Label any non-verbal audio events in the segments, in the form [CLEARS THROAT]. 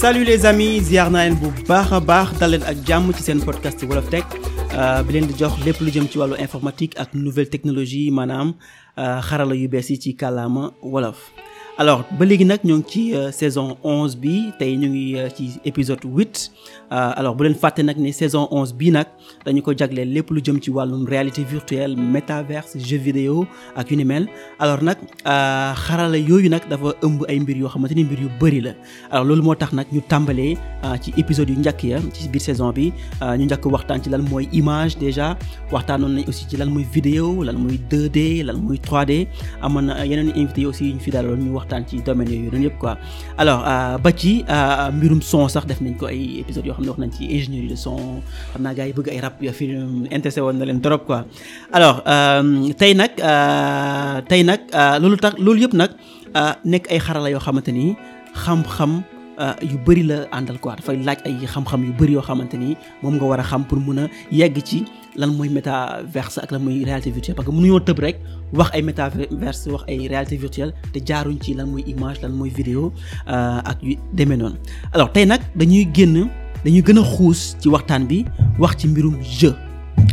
salut les amis ziar naa leen bu baax a baax dal leen ak jàmm ci seen podcast wolof tech euh, bi leen di jox lépp lu jëm ci wàllu informatique ak nouvelle technologie maanaam euh, xarala yu bees yi ci kàllaama wolof. alors ba léegi nag ñoo ngi ci euh, saison onze bi tey ñu ngi euh, ci épisode huit euh, alors bu leen fàtte nag ni saison onze bii nag dañu ko jagleel lépp lu jëm ci wàllum réalité virtuelle métaverse jeux vidéo ak yu ni alors nag xarala yooyu nag dafa ëmb ay mbir yoo xamante ni mbir yu bëri la alors loolu moo tax nag ñu tàmbalee ci épisode yu njëkk ya ci biir saison bi ñu njëkk waxtaan ci lan mooy image déjà waxtaanoon nañ aussi ci lan muy vidéo lan mooy 2D lan mooy 3D amoon na yeneen invité aussi ñu fi daaloon ñu wax waxtaan ci domaine yooyu noonu yëpp quoi alors euh, ba ci euh, mbirum son sax def nañ ko ay épisodes yoo xam ne wax nañ ci ingénierie de son xam naa gars yi bëgg ay rap ya film intéressé woon na leen trop quoi alors euh, tey nag tey nag loolu tax loolu yëpp nag nekk ay xarala yoo xamante ni xam-xam yu bëri la àndal quoi dafay laaj ay xam-xam yu bëri yoo xamante ni moom nga war a xam pour mun a yegg ci lan mooy métaverse ak lan mooy réalité virtuelle parce que mënuñoo tëb rek wax ay métaverse wax ay réalité virtuelle te jaaruñ ci lan mooy image lan mooy vidéo euh, ak yu demee noonu alors tey nag dañuy génn dañuy gën a xuus ci waxtaan bi wax ci mbirum jeu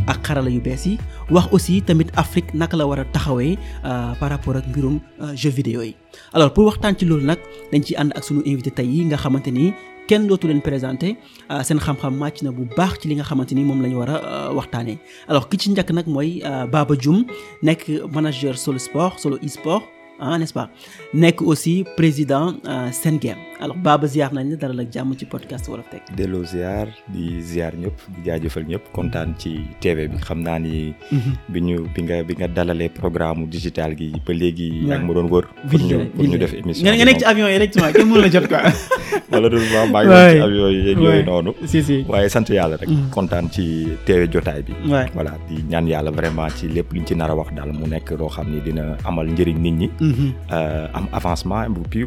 ak xarala yu bees yi wax aussi tamit Afrique naka la war a taxawee euh, par rapport ak mbirum euh, jeu vidéo yi alors pour waxtaan ci loolu nag dañ ci ànd ak sunu invité tey yi nga xamante ni kenn dootu leen présenté euh, seen xam-xam màcc na bu baax ci li nga xamante ni moom la ñu war a euh, waxtaanee alors ki ci njëkk nag mooy euh, Baba Dioum nekk manager Solo Sport Solo e-sport. ah nest nekk aussi président euh, Sen'Gem alors Baba ziar nañ la dalal ak jàmm ci podcast Wolof Tech. delloo ziar di ziar ñëpp di jaajëfal ñëpp kontaan ci TV bi xam naa ni. Mhm. bi ñu bi nga bi nga dalalee programme digital gi ba léegi. ak mu doon wër. pour ñu ñu def émission nga nekk ci avion yi rek kenn mënu la jot quoi. [LAUGHS] malheureusement maa ngi ci avion yi yeeg yooyu noonu. si si waaye sant yàlla rek. Mhm. kontaan ci TV jotaay bi. voilà di ñaan yàlla vraiment ci lépp liñ ci nar a wax daal mu nekk loo xam ni dina amal njëriñ nit ñi. Mm-hmm. Euh, am avancement bi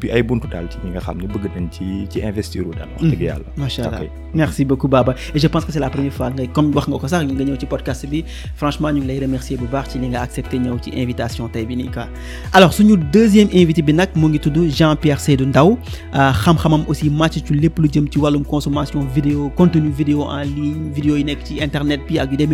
bi ay buntu daal ci ñi nga xam ne bëgg nañ ci ci investir wu daal. wax dëgg mm-hmm. yàlla. macha allah merci beaucoup Baba et je pense que c'est la première fois nga comme wax nga ko sax nga ñëw ci podcast bi franchement ñu ngi lay remercier bu baax ci li nga ñëw ci invitation tey bi nii quoi. alors suñu deuxième invité bi nag mu ngi tudd Jean-Pierre Seydou Ndaw euh, xam-xamam aussi màcc ci lépp lu jëm ci wàllum consommation vidéo contenu vidéo en ligne vidéo yi nekk ci internet bi ak yu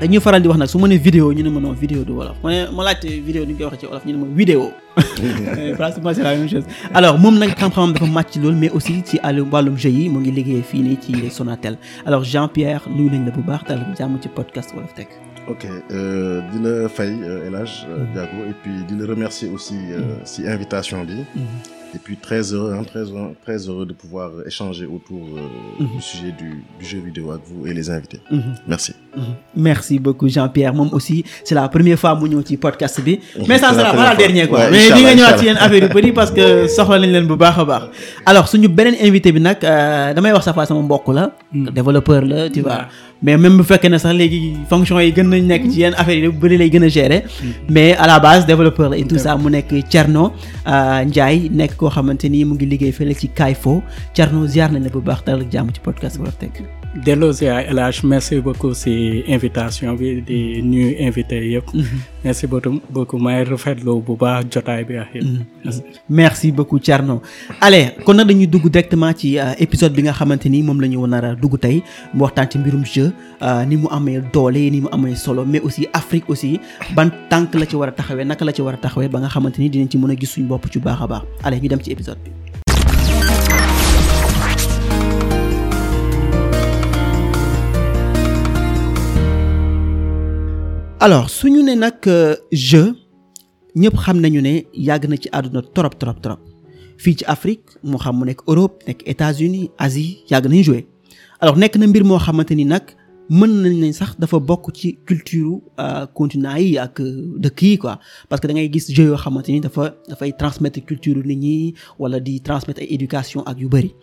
dañuy faral di wax nag su ma nee vidéo ñu ne ma non vidéo du wolof [LAUGHS] alors moom nag xam-xamam dafa màcc loolu mais aussi ci àll wàllum jeu yi mu ngi liggéey fii nii ci Sonatel alors Jean-Pierre nuyu nañ la bu baax daal jàmm ci podcast Wolof Tech ok euh, di la fay euh, El Hadj euh, mm-hmm. di la remercier aussi mm-hmm. si invitation bi mm-hmm. Et puis très heureux, hein, heureux de pouvoir échanger autour euh, mm -hmm. du sujet du, du, jeu vidéo avec vous et les invités. Mhm. Mhm. Merci. beaucoup Jean-Pierre. Moi aussi, c'est la première fois que ñëw ci podcast. Mais ça sera pas la dernière. Quoi. Ouais, Mais nous avons une affaire de petit parce que ça va aller baax Alors, si nous avons un invité, je vais vous dire que c'est un développeur. Là, tu vois. mais même bu fekkee ne sax léegi fonction yi gën nañ nekk ci yenn affaire yi bëri lay gën a gérer mais à la base développeur la et tout ça mu nekk cerno euh, Ndiaye nekk koo xamante nii mu ngi liggéey fële ci Kayfo Thierno ziar nañ la bu baax dalal jàmm ci podcast Wolof Tech delloo ziar El Hadj merci beaucoup si invitation bi di mm-hmm. nuyu invité yëpp. Mm-hmm. merci beaucoup may rafetlu bu baax jotaay bi ak mm-hmm. merci beaucoup Thierno allez kon nag dañuy dugg directement ci euh, épisode bi nga xamante ni moom la ñu nar a dugg tey mu waxtaan ci mbirum jeu euh, ni mu amee doole ni mu amee solo mais aussi Afrique aussi ban tànk la ci war a taxawee naka la ci war a taxawee ba nga xamante ni dinañ ci mën a gis suñu bopp ci baax a baax allez ñu dem ci épisode bi. alors su ñu ne nag euh, jeu ñëpp xam nañu ne yàgg na ci àdduna trop trop trop fii ci Afrique moo xam mu nekk Europe nekk États-Unis asi yàgg nañu jouer alors nekk na mbir moo xamante ni nag mën nañ nañ sax dafa bokk ci culture euh, continent yi ak euh, dëkk yi quoi parce que da ngay gis jeu yoo xamante ni dafa dafay transmettre culture nit ñi wala di transmettre ay éducation ak yu bëri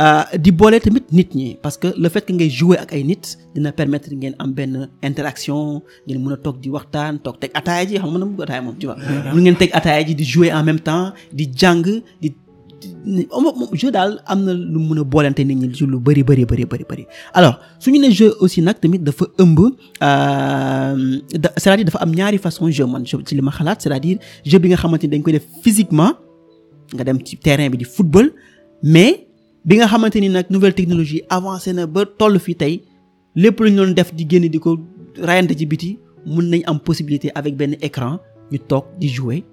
Euh, di boolee tamit nit ñi parce que le fait que ngay jouer ak ay nit dina permettre ngeen am benn interaction ngeen mën a toog di waxtaan toog teg ataaya ji xam nga mën na mu ataaya moom tu vois ah, mën ngeen teg ataaya ji di jouer en même temps di jàng di jeu am na lu mën a boolante nit ñi ci lu bëri bëri bëri bëri bëri alors suñu ne jeu aussi nag tamit dafa ëmb euh, c'est-à-dire dafa am ñaari façon jeu man ci li ma xalaat c'est-à-dire bi nga xamante ni dañ koy def physiquement nga dem ci terrain bi di football mais bi nga xamante ni nag nouvelle technologie avancé na ba toll fii tey lépp lu ñu doon def di génn di ko rayante ci biti mun nañ am possibilité avec benn écran ñu toog di jouer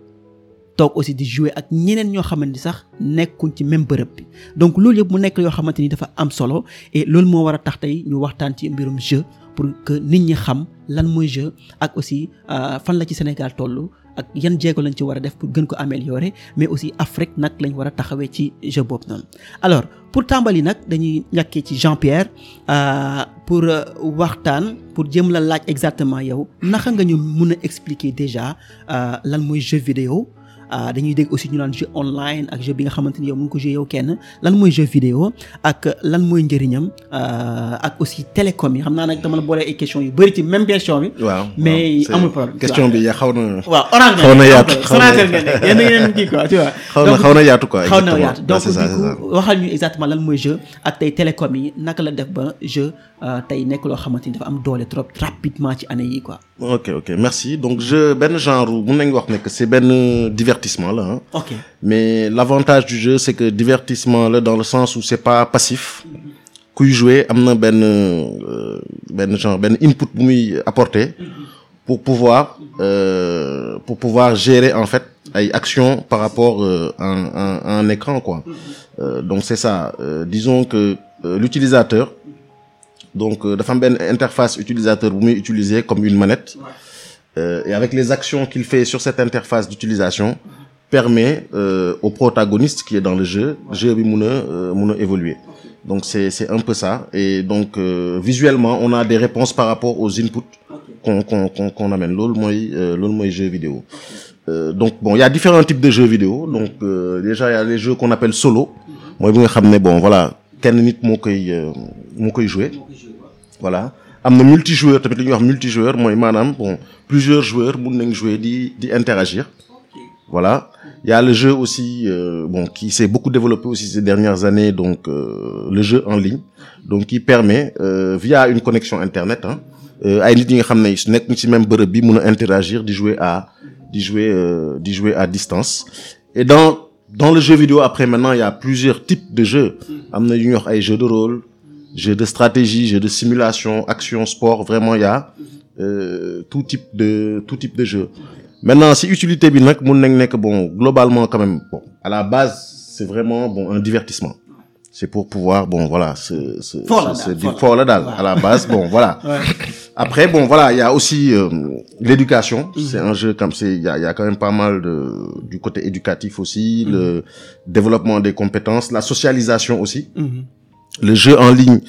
toog aussi di jouer ak ñeneen ñoo xamante ni sax nekkuñ ci même bërëb bi donc loolu yëpp mu nekk yoo xamante ni dafa am solo loolu moo war a tax tey ñu waxtaan ci mbirum jeu pour que nit ñi xam lan mooy jeu ak aussi euh, fan la ci Sénégal toll ak yan jéego lañu ci war a def pour gën ko améliorer mais aussi Afrique nag lañ war a taxawee ci jeu boobu noonu alors pour tàmbali nag dañuy ñàkkee ci Jean Pierre euh, pour euh, waxtaan pour jëm la laaj exactement yow naka nga ñu mun a expliquer déjà euh, lan mooy jeu vidéo Euh, dañuy dégg aussi ñu naan jeu online ak jeu bi nga xamante ni yow mu ko joué yow kenn lan mooy jeu vidéo ak lan mooy njëriñam euh, ak aussi télécom yi xam naa nag dama la boole yu bëri ci même question bi. waaw mais amul problème bi yaa na. waaw orange xaw na yaatu xaw a ngi leen [LAUGHS] na xaw na yaatu quoi. xaw na yaatu donc ah, waxal ñu exactement lan mooy jeu ak tey télécom yi naka la def ba jeu euh, tey nekk loo xamante ni dafa am doole trop rapidement ci année yi quoi. ok ok merci donc jeu benn genre mun nañu wax ne que benn divertissement la ah. mais l'avantage du jeu c'est que divertissement la dans le sens où c'est pas passif. kuy jouer am na benn euh, benn genre benn input bu muy apporter. pour pouvoir euh, pour pouvoir gérer en fait ay actions par rapport euh, à, un, à, à écran quoi. Euh, donc c'est ça euh, disons que l'utilisateur donc dafa am benn interface utilisateur bu muy utiliser comme une manette. euh, et avec les actions qu'il fait sur cette interface d'utilisation, permet euh, au protagoniste qui est dans le jeu, jeu bi mun a mun évoluer. Donc c'est c'est un peu ça et donc euh, visuellement on a des réponses par rapport aux inputs qu'on qu'on qu'on qu'on amène loolu mooy euh, loolu mooy jeu vidéo. Euh, donc bon il y a différents types de jeux vidéo donc euh, déjà il y a les jeux qu'on appelle solo mooy bi nga xam ne bon voilà kenn nit moo koy moo koy jouer voilà. am na multijoueur tamit li ñuy wax multijoueur mooy maanaam bon plusieurs joueurs mun nañ jouer di di interagir voilà il y le jeu aussi euh, bon qui s'est beaucoup développé aussi ces dernières années donc euh, le jeu en ligne donc qui permet euh, via une connexion internet hein euh, ay nit ñi nga xam ne nekk ci même bërëb bi mun a interagir di jouer à di jouer euh, di jouer à distance et dans dans le jeu vidéo après maintenant il y a plusieurs types de jeux am na yu ñuy wax ay jeux de rôle jeu de stratégie, jeu de simulation, action, sport, vraiment il y a euh, tout type de tout type de Maintenant, si utilité bi nak mën nañ nekk bon globalement quand même bon à la base c'est vraiment bon un divertissement. C'est pour pouvoir bon voilà se se se la daal à la base bon voilà. [LAUGHS] Ouais. Après bon voilà, il y a aussi euh, l'éducation, mmh. c'est un jeu comme c'est il quand même pas mal de du côté éducatif aussi, mmh. le développement des compétences, la socialisation aussi. Mhm. le jeu en ligne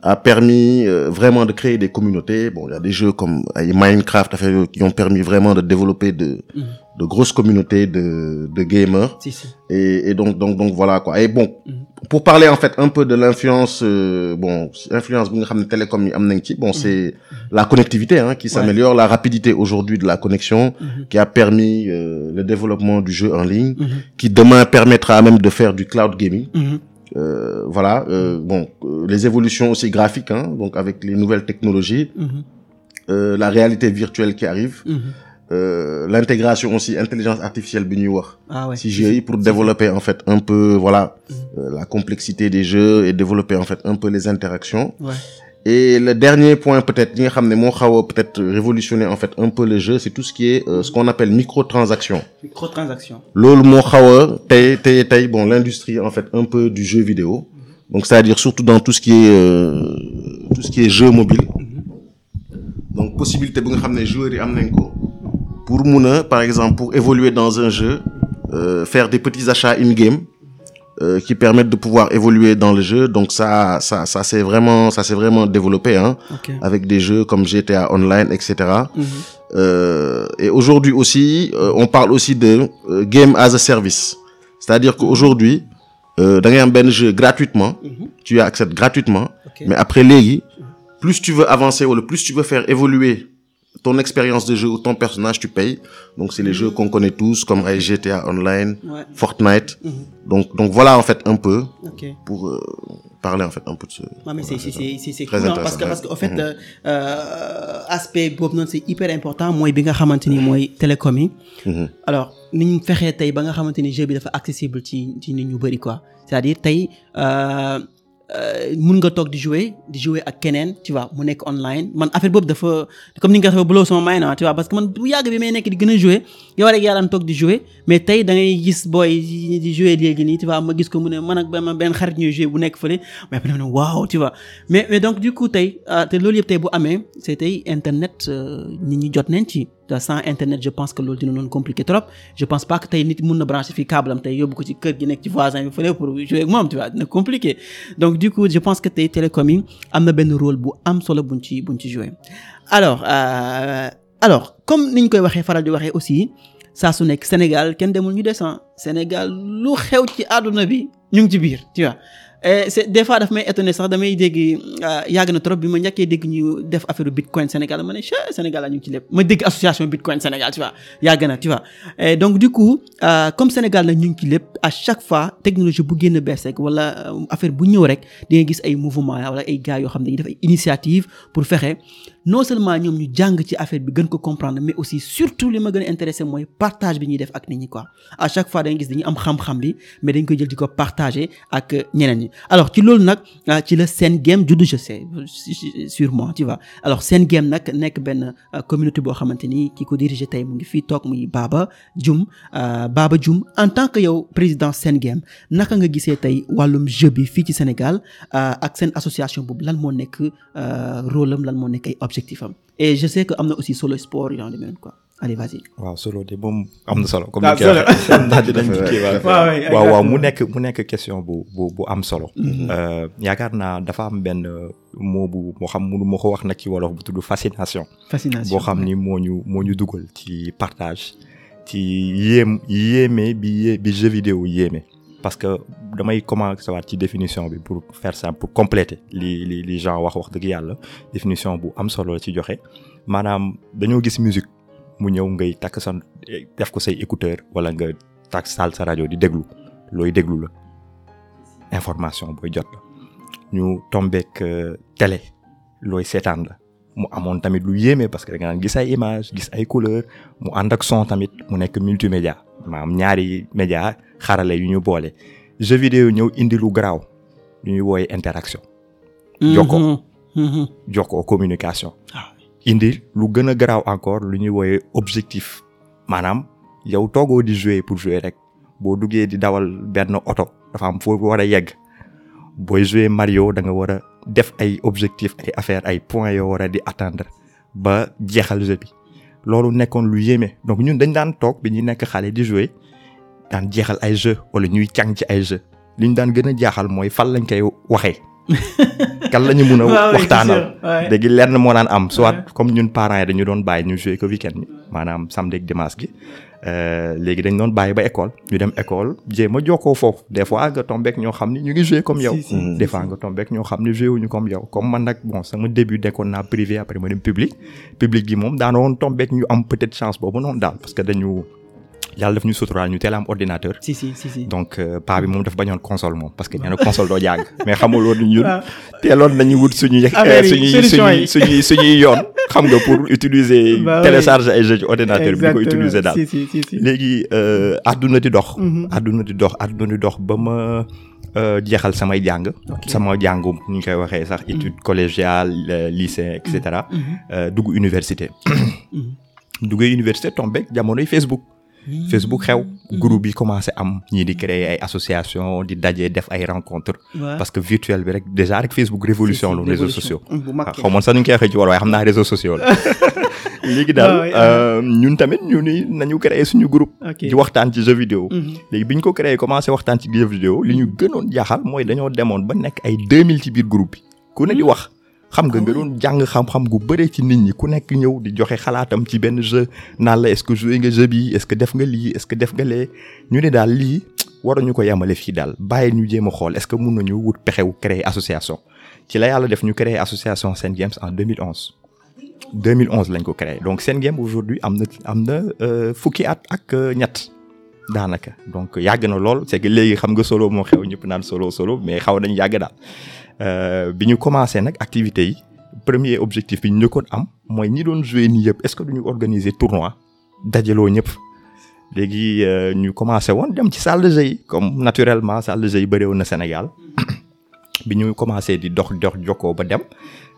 a permis euh, vraiment de créer des communautés. Bon, des jeux comme euh, Minecraft qui ont permis vraiment de développer de, mmh. de grosses communautés de, de gamers. Si, si. Et, donc, donc, donc voilà quoi. Et bon, mmh. pour parler en fait un peu de l'influence, euh, bon, influence télécom bon, mhm. c'est mmh. la connectivité hein, qui s'améliore, ouais. la rapidité aujourd'hui de la connexion mhm. qui a permis euh, le développement du jeu en ligne, mhm. qui demain permettra même de faire du cloud gaming. Euh, voilà, euh, bon, euh, les évolutions aussi graphiques, avec les nouvelles technologies, mm -hmm. la réalité virtuelle qui arrive, mm -hmm. l'intégration aussi intelligence artificielle bi ñuy wax. ah ouais. si j'ai pour développer en fait un peu voilà mhm. la complexité des jeux et développer en fait un peu les interactions. le dernier point peut-être yi nga xam ne moo xaw a peut-être révolutionner en fait un peu le jeu c'est tout ce qui est euh, ce qu'on appelle microtransaction microtransaction loolu moo xaw a tey tey tey bon l'industrie en fait un peu du jeu vidéo mm-hmm. donc c'est-à-dire surtout dans tout ce qui est euh, jeu mobile mm-hmm. donc possibilité bi nga xam ne joueurs yi am nañ ko pour mun a par exemple pour évoluer dans un jeu euh, faire des petits achats in-game euh, qui permettent de pouvoir évoluer dans le jeu. Donc ça, ça, ça s'est vraiment, ça vraiment développé, hein, okay. avec des jeux comme GTA Online, etc. Mm -hmm. Euh, et aujourd'hui aussi, euh, on parle aussi de euh, game as a service, c'est-à-dire qu'aujourd'hui, euh, da ngay am benn jeu gratuitement, mm -hmm. tu accèdes gratuitement, mais après léegi, plus tu veux avancer ou le plus tu veux faire évoluer ton expérience de jeu ou ton personnage, tu payes. Donc, c'est les mm-hmm. jeux qu'on connaît tous, comme GTA Online, Fortnite. Mm-hmm. Donc, voilà, en fait, un peu. Okay. Pour euh, parler, en fait, un peu de ce. Ouais, mais c'est, c'est, c'est, cool, parce que, parce qu'en fait, mm -hmm. euh, aspect Bob c'est hyper important. Moi, bien que moi, télécom. Mm-hmm. Alors, nous faisons, tay, bien que accessible, tu, tu, nous, quoi. C'est-à-dire, tay, euh, Euh, mun nga toog di jouer di jouer ak keneen tu vois mu nekk online man affaire boobu dafa comme ni nga ko waxee buloo sama may ah, na tu vois parce que man bu yàgg bi may nekk di gën a jouer yow rek yaa daan toog di tey da gis booy di jouer léegi nii tu vois ma gis ko mu man ak ma benn xarit nekk fële mais après ne waaw tu vois mais donc du coup tey ah, te loolu yëpp tey bu amee c'est tey internet euh, nit ñi jot nañ ci. te sans internet je pense que loolu dina doon compliqué trop je pense pas que tey nit mun na branché fii câble am tey yóbbu ko ci kër gi nekk ci voisin bi fële pour jouer ak moom tu vois dina compliqué donc du coup je pense que tey télécom am na benn rôle bu am solo buñ ci buñ ci joué alors euh, alors comme ni ñu koy waxee faral di waxee aussi saa su nekk Sénégal kenn demul ñu descend Sénégal lu xew ci àdduna bi ñu ngi ci biir tu vois c'est des fois daf may étonné sax damay dégg euh, yàgg na trop bi ma njëkkee dégg ñu def affaire bitcoin Sénégal ma ne che Sénégal la ñu ngi ci lépp ma dégg association bitcoin Sénégal tu vois yàgg ti tu vois. donc du coup euh, comme Sénégal nag ñu ngi ci lépp à chaque fois technologie bu génn bees rek wala euh, affaire bu ñëw rek di nga gis ay mouvement wala ay gars yoo xam ne dañuy def ay initiative pour fexe. non seulement ñoom ñu jàng ci affaire bi gën ko comprendre mais aussi surtout li ma gën a intéressé mooy partage bi ñuy def ak nit ñi ko à chaque fois da am xam-xam bi mais dañ koy jël di ko partager ak ñeneen yi alors ci loolu nag ah, ci la seen Game juddu je sais sûrement tu vois alors Sen Game nag nekk benn ah, communauté boo xamante ni ki ko dirigé tey mu ngi fii toog muy Baba Dioum ah, Baba Dioum en tant que yow président Sen Game naka nga gisee tey wàllum jeu bi fii ci Sénégal ak seen association boobu lan moo nekk rôle am lan moo nekk ay objectifs objectif am je sais que am na aussi solo sport yu demee noonu quoi allez vas waaw solo de moom am na solo. comme ah, ni nga [LAUGHS] waaw waaw waaw mu nekk mu nekk question bu bu bu am solo. Mm-hmm. Euh, yaakaar naa dafa am benn moo bu moo xam mënu ma ko wax nag ci wolof bu tudd fascination. fascination boo xam ni moo ñu moo ñu dugal ci partage ci yéem yéeme bi yé bi jeu vidéo yéeme. parce que damay commencé waat ci définition bi pour faire ça pour compléter li li li gens wax wax dëgg yàlla définition bu am solo la ci joxe maanaam dañoo gis musique mu ñëw ngay takk sa def ko say écouteur wala nga takk saal sa rajo di déglu looy déglu la information booy jot la ñu tombeek euh, télé looy seetaan la mu amoon tamit lu yéeme parce que da nga naan gis ay image gis ay couleur mu ànd ak son tamit mu nekk multimédia maanaam ñaari média xarale yu ñu boole jeu yu ñëw indi lu garaaw lu ñuy wooye interaction jokko mm-hmm. jokko mm-hmm. communication ah indi lu gën a garaaw encore lu ñuy wooye objectif maanaam yow toogoo di jouer pour jouer rek boo duggee di dawal benn oto dafa am foo war a yegg booy jouer Mario da nga war a def ay objectif ay affaire ay points yoo war a di attendre ba jeexal jeu bi loolu nekkoon lu yéeme donc ñun dañ daan toog bi ñuy nekk xale di jouer daan jeexal ay jeu wala ñuy càng ci ay jeu li ñu daan gën a jaaxal mooy fan lañ koy waxee [LAUGHS] kan la ñu mun a waxtaanal léegi lenn moo daan am soit comme ñun parents yi dañu doon bàyyi ñu euh, ba école ñu dem école jéem a jokkoo foofu des nga tombeek ñoo xam ne ñu ngi joué comme yow des fois nga tombeek ñoo xam ne joué comme yow comme man nag sama début nekkoon naa privé après ma dem public public gi moom daana tombeek ñu am peut chance boobu noonu yàlla daf ñu suturaal ñu teel am ordinateur. si si si si donc euh, paa bi moom dafa bañoon console moom parce que nee [LAUGHS] console doo jàng mais xamul woon ñun. Ah. teeloon nañu wut suñuy. [LAUGHS] affaire yi suñuy [LAUGHS] suñuy suñuy yoon. xam nga pour utiliser. télécharger ay jeux ci ordinateur bi. ko utiliser daal léegi adduna euh, di dox. adduna mm-hmm. di dox àdduna di dox ba ma. Euh, jeexal samay jàng sama jàngum ñu ñu koy waxee sax mm-hmm. étude collégiale lycée et cetera mm-hmm. dugg université duggee université tombé jamonoy Facebook Facebook xew groupe bi commencé am ñii di créer ay association di dajee def ay rencontre parce que virtuel bi rek déjà rek Facebook révolution la réseaux sociaux ah, xaw ma sax ñu ngi koy waxee ci wàll waaye xam naa réseaux sociaux la [LAUGHS] léegi daal euh, ñun tamit ñu ni nañu créer suñu groupe di waxtaan ci jeu vidéo mhm. léegi bi ko créer commencé waxtaan ci jeu vidéo li ñu gënoon jaaxal mooy dañoo demoon ba nekk ay 2000 ci biir groupe bi ku ne di mhm. wax xam nga nga ah doon jàng xam-xam gu bëre ci nit ñi ku nekk ñëw di joxe xalaatam ci benn jeu naa la est-ce que joué nga jeu est-ce que def nga lii est-ce que def nga lee ñu ne daal lii [TSK] ñu ko yemale fii daal bàyyi ñu jéem a xool est-ce que mun nañu wut pexewu créer association ci la yàlla def ñu créer association Sen Games en 2011 onze lañ ko créer donc Sen Games aujourd'hui am na am na euh, fukki at ak euh, ñett daanaka donc yàgg na lool c'est que léegi xam nga solo moo xew ñëpp naan solo solo mais xaw nañ yàgg daal Euh, bi ñu commencé nag activité yi premier objectif bi ñu njëkkoon am mooy ñi doon joué nii yëpp est-ce que duñu organiser tournoi dajaloo ñëpp léegi euh, ñu commencé woon dem ci salle de comme naturellement salle de jeu bëri woon na Sénégal [COUGHS] bi ñu commencé di dox dox jokkoo ba dem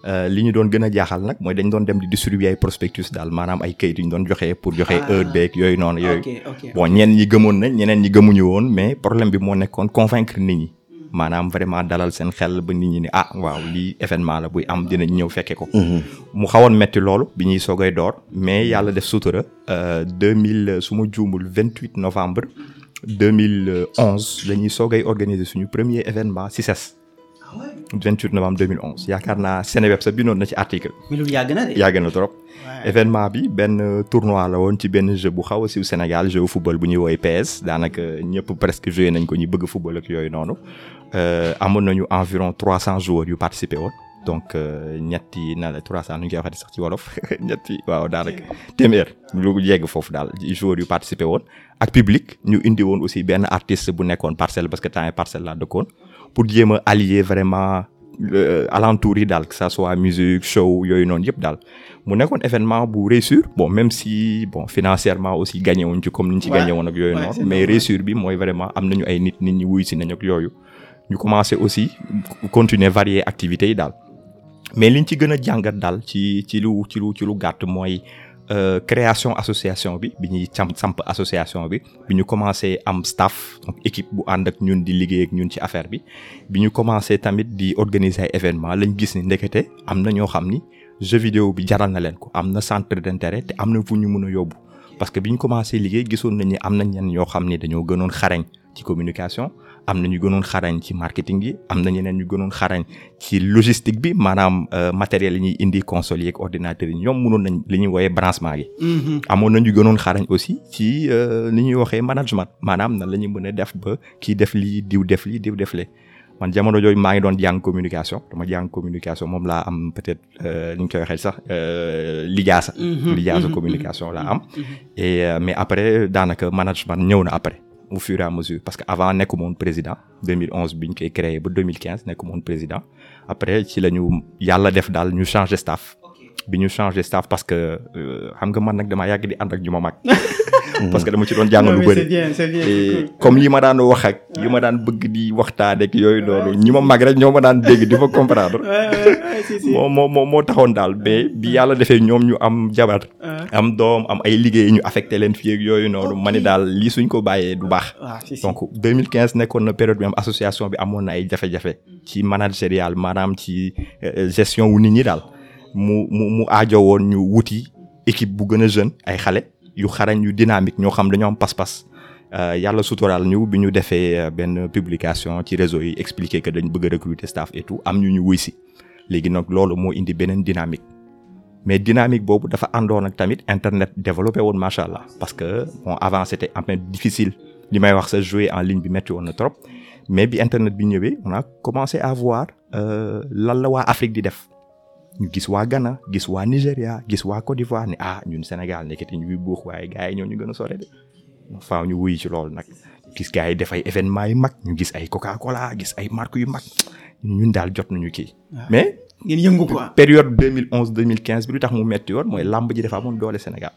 euh, li ñu doon gën a jaaxal nag mooy dañ doon dem di distribuer ay prospectus daal maanaam ay kayit yu ñu doon joxe pour joxe ah. heure beeg yooyu noonu yooyu bon ñenn ñi gëmoon nañ ñeneen ñi gëmuñu woon mais problème bi moo nekkoon convaincre nit ñi maanaam vraiment dalal seen xel ba nit ñi ni ah waaw lii événement la buy am dinañ ñëw fekke ko. Mhm. mu xawoon metti loolu bi ñuy soogay door mais yàlla def sutura. 2000 euh, su ma juumul 28 novembre 2011 la ñuy soogay organiser suñu premier événement CICES. 28 e ah novembre 2011 yaakaar naa Seneweb sax bindoon na ci article. mi lu yàgg na de. yàgg na trop. événement bi benn euh, tournoi la woon ci benn jeu bu xaw a siiw Sénégal jeu football bu ñuy woowee PS daanaka ñëpp presque joué nañ ko ñu bëgg football ak yooyu noonu. Euh, amoon nañu environ trois cent joueurs yu participer woon donc euh, ñetti na la trois cent nu ñu koy waxee sax ci wolof [LAUGHS] ñetti waaw daanaka téeméer lu yegg foofu daal joueurs yu participer woon ak public ñu indi woon aussi benn artiste bu nekkoon parcelle parce que temps yi parcelle laa dëkkoon pour jéem a allier vraiment euh, alentour yi daal que ça soit musique show yooyu noonu yëpp daal mu nekkoon événement bu réussir bon même si bon financièrement aussi gagné wuñ ci comme ni ñu ci gagné woon ak yooyu noonu mais réussir bi mooy vraiment am nañu ay nit nit ñi wuy si nañ ak yooyu ñu commencé aussi continuer varier activités yi daal mais liñ ci gën a jàngat daal ci ci lu ci lu ci gàtt mooy euh, création association bi bi ñuy samp samp association bi bi ñu commencé am staff donc équipe bu ànd ak ñun di liggéey ak ñun ci affaire bi bi ñu commencé tamit di organiser ay événement lañ gis ni ndekete am na ñoo xam ni jeu vidéo bi jaral na leen ko am na centre d'intérêt te am na fu ñu mën a yóbbu parce que bi ñu commencé liggéey gisoon nañu am na ñenn ñoo xam ni dañoo gënoon xarañ ci communication am na ñu gënoon xarañ ci marketing bi am na ñeneen ñu gënoon xarañ ci logistique bi maanaam euh, matériel yi ñuy indi console yi ak ordinateur yi ñoom mënoon nañ li ñuy wooyee branchement gi. Mm-hmm. amoon na ñu gënoon xarañ aussi ci ni euh, ñuy waxee management maanaam nan la ñuy mën a def ba kii def lii diw def lii diw def le man jamono jooju maa ngi doon jàng communication dama jàng communication moom laa am peut-être li euh, ñu koy waxee sax lijaasa. Mm-hmm. lijaasa mm-hmm. communication laa am. et mais après daanaka management ñëw na après. au fur et parce que avant nekkuma woon président 2011 bi ñu koy créé ba 2015 nekkuma woon président après ci la ñu yàlla def daal ñu changé staff bi ñu changé staff parce que euh, xam nga man nag damaa yàgg di ànd ak ñu ma mag [LAUGHS] [LAUGHS] parce que dama ci doon jàng lu bëri. et comme lii ma daan wax ak. li ma daan bëgg di waxtaan ak yooyu loolu ñi ma mag rek ñoo ma daan dégg di ma [LAUGHS] comprendre. moo moo moo moo taxoon daal mais bi yàlla defee ñoom ñu am jabar. am doom am ay liggéey ñu affecté leen fii yooyu noonu ma ni daal lii suñ ko bàyyee du baax. Ah, donc 2015 nekkoon na période bi am association bi amoon na ay jafe-jafe. ci managérial maanaam ci euh, euh, gestion wu nit ñi daal mu mu mu aajo woon ñu wuti équipe bu gën a ay xale. yu xarañ yu dynamique ñoo xam dañoom am pas-pas euh, yàlla suturaal ñu bi ñu defee euh, benn publication ci réseau yi expliquer que dañ bëgg a recruter staff et tout am ñu ñu wuy si léegi nag loolu moo indi beneen dynamique mais dynamique boobu dafa àndoon ak tamit internet développé woon macha allah parce que bon avant c'était un peu difficile li may wax sa jouer en ligne bi metti woon trop mais bi internet bi ñëwee on a commencé à voir euh, lan la waa Afrique di def ñu gis waa Ghana gis waa Nigéria gis waa Côte d'Ivoire ne ah ñun Sénégal nekkati ñu ngi buux waaye gars yi ñoo ñu gën a sore de faaw ñu wuyu ci loolu nag gis gars yi def événement yu mag ñu gis ay Coca Cola gis ay marques yu mag ñun daal jot nañu kii. Ah. mais ngeen yëngu quoi. période 2011 2015 bi lu tax mu metti yoon mooy làmb ji dafa amoon doole Sénégal.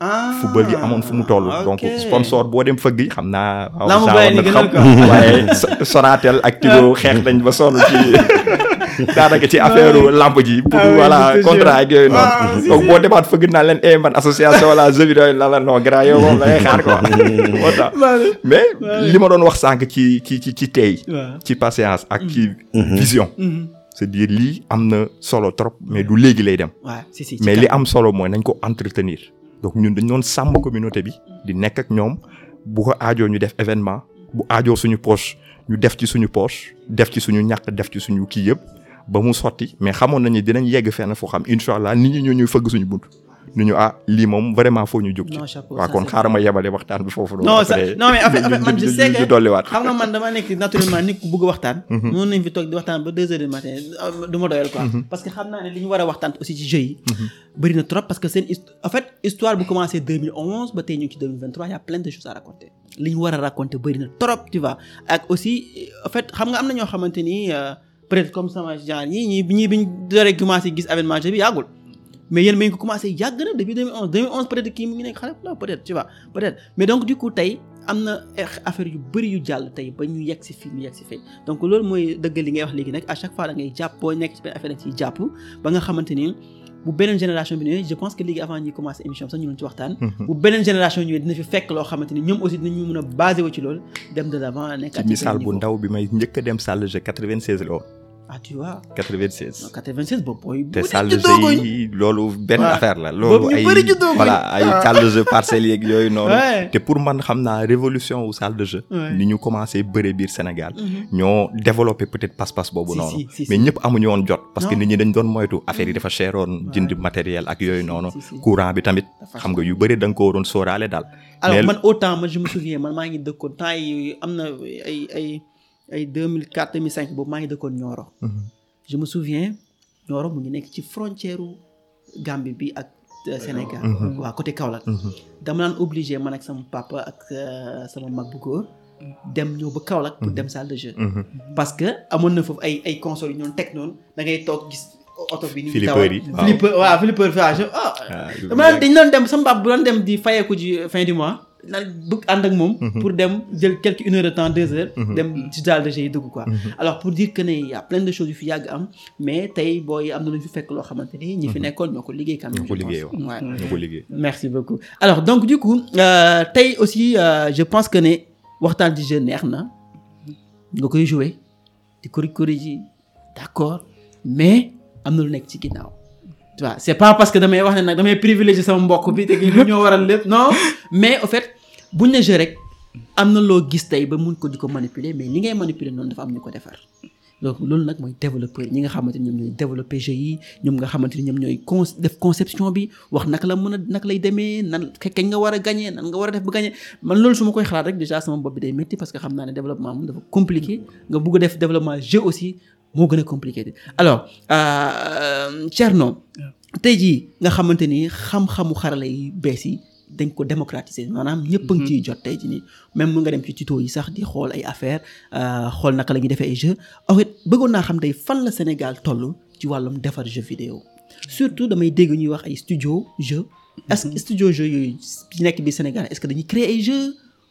ah football gi amoon fu mu toll. donc sponsor boo dem fëgg yi xam naa. làmb bàyyi li gënal waaye Sonatel ak Tigo ah. xeex nañ ba sonn ci. [LAUGHS] [LAUGHS] daanaka ci affaire lamp ji. pour ah voilà contrat ak yooyu noonu. Ah, ah, donc boo demaat fëgg naa leen eh man association la jeu vidéo la la non grand yow moom la ngay xaar quoi. [LAUGHS] [LAUGHS] mais li ma doon wax sànq ci ci ci ci tey. ci patience ak ci mm-hmm. Mm-hmm. vision. Mm-hmm. cest à lii am na solo trop mais du léegi lay dem. mais li am solo mooy nañ ko entretenir. donc ñun dañ doon sàmm communauté bi. di nekk ak ñoom bu ko aajoo ñu def événement. bu aajoo suñu poche ñu def ci suñu poche def ci suñu ñàkk def ci suñu kii yëpp. ba mu sotti mais xamoon nañu dinañ yegg fenn foo xam incha allah nit ñi ñoo fëgg suñu bunt ni ñu ah lii moom vraiment foo ñu jóg ci waaw kon xaaral ma yebale waxtaan bi foofu noonu mhm. nañ fi toog di waxtaan ba deux heures du matin euh, du doyal quoi mhm. parce que xam naa ne li ñu war a waxtaan aussi ci jeu yi mhm. na trop parce que seen histoire bu commencé ba tey ñu ci 2023 y de choses à raconter li ñu war a raconter bëri na trop tu vois ak aussi en fait peut-être comme sama genre ñii ñii ñii bi ñu dooree commencé gis avènement bi yàggul mais yéen ba ñu ko yàgg na depuis 2011 2011 peut-être kii mu ngi nekk xale la peut-être tu vois peut am na affaire yu bëri yu jàll tey ba ñu yegg si fii ñu yegg si fii donc loolu mooy dëgg li ngay wax léegi nag a chaque fois da jàpp boo nekk ci benn affaire da ciy jàpp ba nga xamante ni bu beneen génération bi ñëwee je pense que léegi avant ñuy commencé émission bi sax ñu ci waxtaan. Mhm. bu beneen génération ñëwee dina fi fekk loo xamante ñoom aussi dinañu mën a basé wu ci loolu dem de l'avant nekk. ci misaal bu ndaw bi may njëkk a dem salle je 96 ah tu vois. 96 96 te salle de jeu yi loolu benn affaire la. loolu ay voilà ah. de jeu parcelles yeeg yooyu noonu. te pour man xam naa révolution wu salle de jeu. ni ñu commencé bëre biir Sénégal. Mhm. ñoo développé peut-être passe-passe boobu noonu. mais ñëpp amuñu woon jot. parce que nit ñi dañ doon moytu mhm. affaire yi dafa cheroon jënd matériel ak yooyu noonu. courant bi tamit xam nga yu bëri da koo ko waroon sóoraale daal. alors man autant man je me souviens man maa ngi dëkkoon ay 2004 2005 boobu maa ngi dëkkoon Nioro. Mhm. je me souviens Nioro mu ngi nekk ci frontière Gambie bi ak euh, Sénégal. Mhm. waa côté Kaolack. Mhm. dama naan obligé man ak sama papa ak euh, sama mag bu ko dem ñëw ba Kaolack pour dem salle de jeu. parce que amoon na foofu ay ay consoles yu ñoon teg noonu da toog gis oto bi. ni ñu taw flipper waaw flipper waaw oh. ah. dañ doon dem sama papa bu doon dem di fayeeku ji euh, fin du mois. na bëgg ànd ak moom. Mhm. pour dem jël quelque une heure de temps deux mhm. dem ci daal yi dugg quoi. Mhm. alors pour dire que ne y' a de choses yu fi yàgg am mais tey booy am na lu ñu fi fekk loo xamante ni ñu fi nekkoon ko liggéey. quand même ñoo ko liggéey waaw ñoo ko euh, euh, je pense que ne waxtaan ci jeu neex na nga koy jouer di kori kori ji d' accord mais am na lu nekk ci ginnaaw. tu vois c' est pas parce que damay wax ne nag damay privilégié sama mbokk bi te ñoo waral lépp non [LAUGHS] mais au buñ ne jeu rek am na loo gis tey ba mun ko di ko manipuler mais ñi ngay manipuler noonu dafa am ñu ko defar donc loolu nag mooy développeur ñi nga xamante ni ñoom ñooy développé jeu yi ñoom nga xamante ni ñoom ñooy con def conception bi wax naka la mën a naka lay demee nan kañ nga war a gagné nan nga war a def bu gagné man loolu su ma koy xalaat rek déjà sama bopp bi day métti parce que xam naa ne développement moom dafa compliqué nga bugg def développement jeu moo gën a compliqué alors euh, Thierno nga xamante ni xam-xamu xarala yi bees yi dañ ko démocratiser maanaam ñëpp a mhm. ciy jot tey jii nii même mun nga dem ci tuto yi sax di xool ay affaire euh, xool naka la ñuy defee ay jeux en bëggoon naa xam day fan la Sénégal toll ci wàllum defar jeu vidéo surtout damay dégg ñuy wax ay studio jeu est-ce que mhm. studio jeu yooyu nekk bi Sénégal est-ce que dañuy créer ay jeux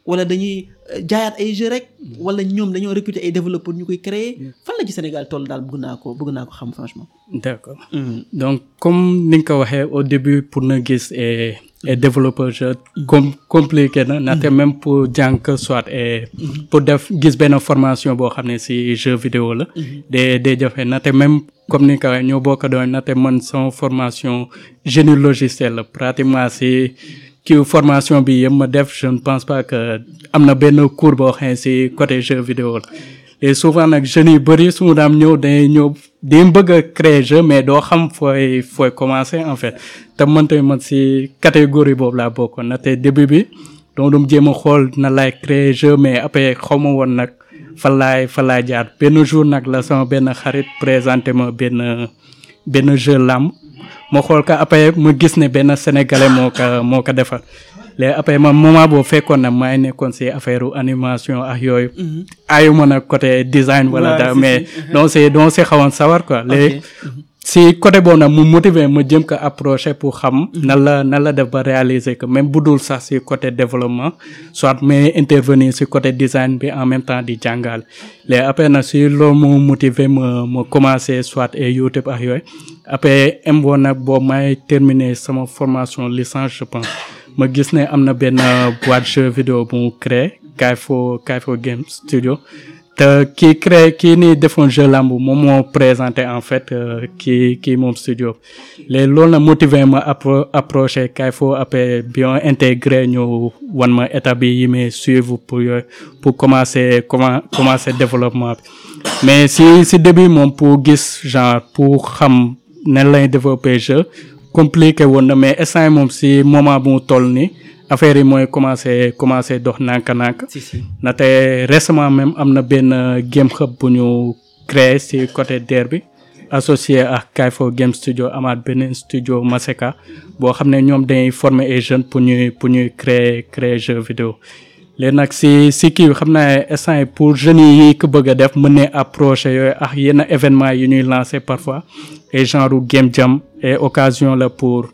wala dañuy euh, jaayaat ay jeux rek. Mm. wala ñoom dañoo recruter ay développeurs ñu koy créer. Mm. fan la ci Sénégal toll daal bëgg naa ko bëgg naa ko xam franchement. d' mm. donc comme ni nga ko waxee au début pour na gis et développeur jeu com compliqué na. naate même pour jànq soit et. Mm-hmm. pour def gis benn formation boo xam ne si jeu vidéo la. Mm-hmm. day day jafe naate même. comme ni ko waxee ñoo bokk doon naate man son formation génie logiciel la pratiquement si. kii formation bi yëpp ma def je ne pense pas que am na benn cours boo xam si côté jeu vidéo la souvent nag jeunes yu bëri su ma daan ñëw day ñëw day bëgg créer jeu mais doo xam fooy fooy commencer en fait te man tamit man si catégorie boobu laa bokkoon na te début bi donc dum jéem a xool na laay créer jeu mais après xaw ma woon nag fan laay fan laay jaar benn jour nag la sama benn xarit présentément benn benn jeu làmb ma xool ko après mu gis ne benn sénégalais moo ko moo ko defar léegi après ma moment boobu fekkoon na maa ngi nekkoon si affaire animation ak yooyu. Mm-hmm. ayu ma nag côté design. wala dara mais mm-hmm. donc c'est donc c'est xawoon sawar quoi léegi. Mm-hmm. si côté boobu nag mu motiver ma jëm ko approché pour xam nan la nan la def ba réaliser que même bu dul sax si côté développement soit mais intervenir si côté design bi en même temps di jàngal léegi après na si loolu mu motiver ma ma commencé soit et YouTube ak yooyu après m woon nag boobu may terminer sama formation licence je pense ma gis ne am na benn boîte jeu vidéo bu mu foo Kaifo Kaifo Game Studio te euh, kii créé kii nii defoon jeu lamb moom moo présenté en fait euh, kii kii moom studio léegi loolu na motivé ma appro approché kay foo après bien intégré ñu wan ma état bi yi may suivre pour yooyu pour commencer comment commencer développement bi mais si si début moom pour gis genre pour xam nan lay développer jeu compliqué woon na mais instant moom si moment bu mu toll nii affaire yi mooy commencé commencé dox nanka nànk si si na te récemment même am na benn game hub bu ñu créé si côté DER bi. associé ak Kayfo Game Studio amaat beneen studio Maseka boo xam ne ñoom dañuy former ay jeunes pour ñuy pour ñuy créer créer jeu vidéo léegi nag si si kii xam naa instant yi pour jeunes yi ko bëgg a def mën ne approché yooyu ak yenn événement yi ñuy lancer parfois et genre game jam et occasion la pour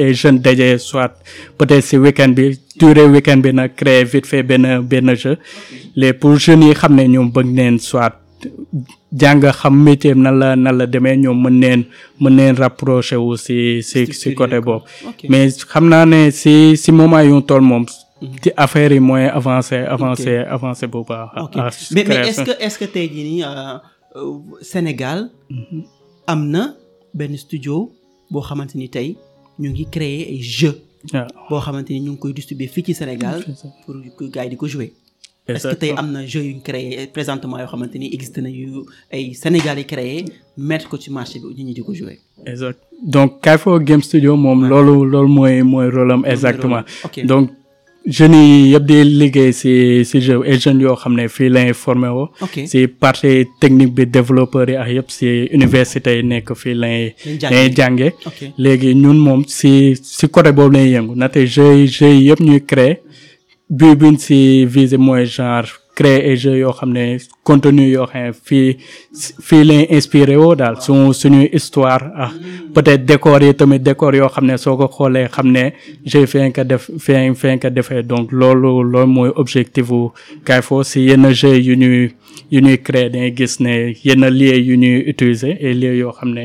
jeune jeunes daje soit peut-être si week bi durée week bi nag créer vite fait benn benn jeu les pour jeunes yi xam ne ñoom bëgg neen soit jàng xam métier nan la nan la demee ñoom mën neen mën neen rapproché wu si si si côté boobu mais xam naa ne si si moment yu toll moom mhm. ci affaire yi mooy avancé avancé avancé bu baax mais ce que est-ce euh, euh, Sénégal mhm. am na benn studio boo xamante ni tey ñu ngi créer ay jeux. Ah. boo xamante ni ñu ngi koy distribuer fii ci Sénégal. pour que gars di ko jouer. est que tey am na jeux yu ñu créé présentement yoo xamante ni existe na yu ay Sénégal yi créé mettre ko ci marché bi nit ñu di ko jouer. exact donc Carrefour Game Studio moom loolu loolu mooy mooy rôle am exactement donc. jeunes yi yëpp di liggéey si si jeu et yoo xam ne fii lay formé woo. si partie technique bi développeur yi ak yëpp si université yi nekk fii lay. jànge jàngee léegi ñun moom si si côté boobu lay yëngu na te jeu yi yëpp ñuy créer bii si visé mooy genre. créer ay jeux yoo xam ne contenu yoo xam ne fii fii lañ inspiré woo daal suñu suñuy histoire ah mm. peut-être décor yi tamit décor yoo xam ne soo ko xoolee xam ne jeu fii nga def fii fii nga defee donc loolu loolu mooy objectif bu Kayfo si yenn jeu yu ñuy yu ñuy créer dañuy gis ne yenn lieux yu ñuy utiliser et lieux yoo xam ne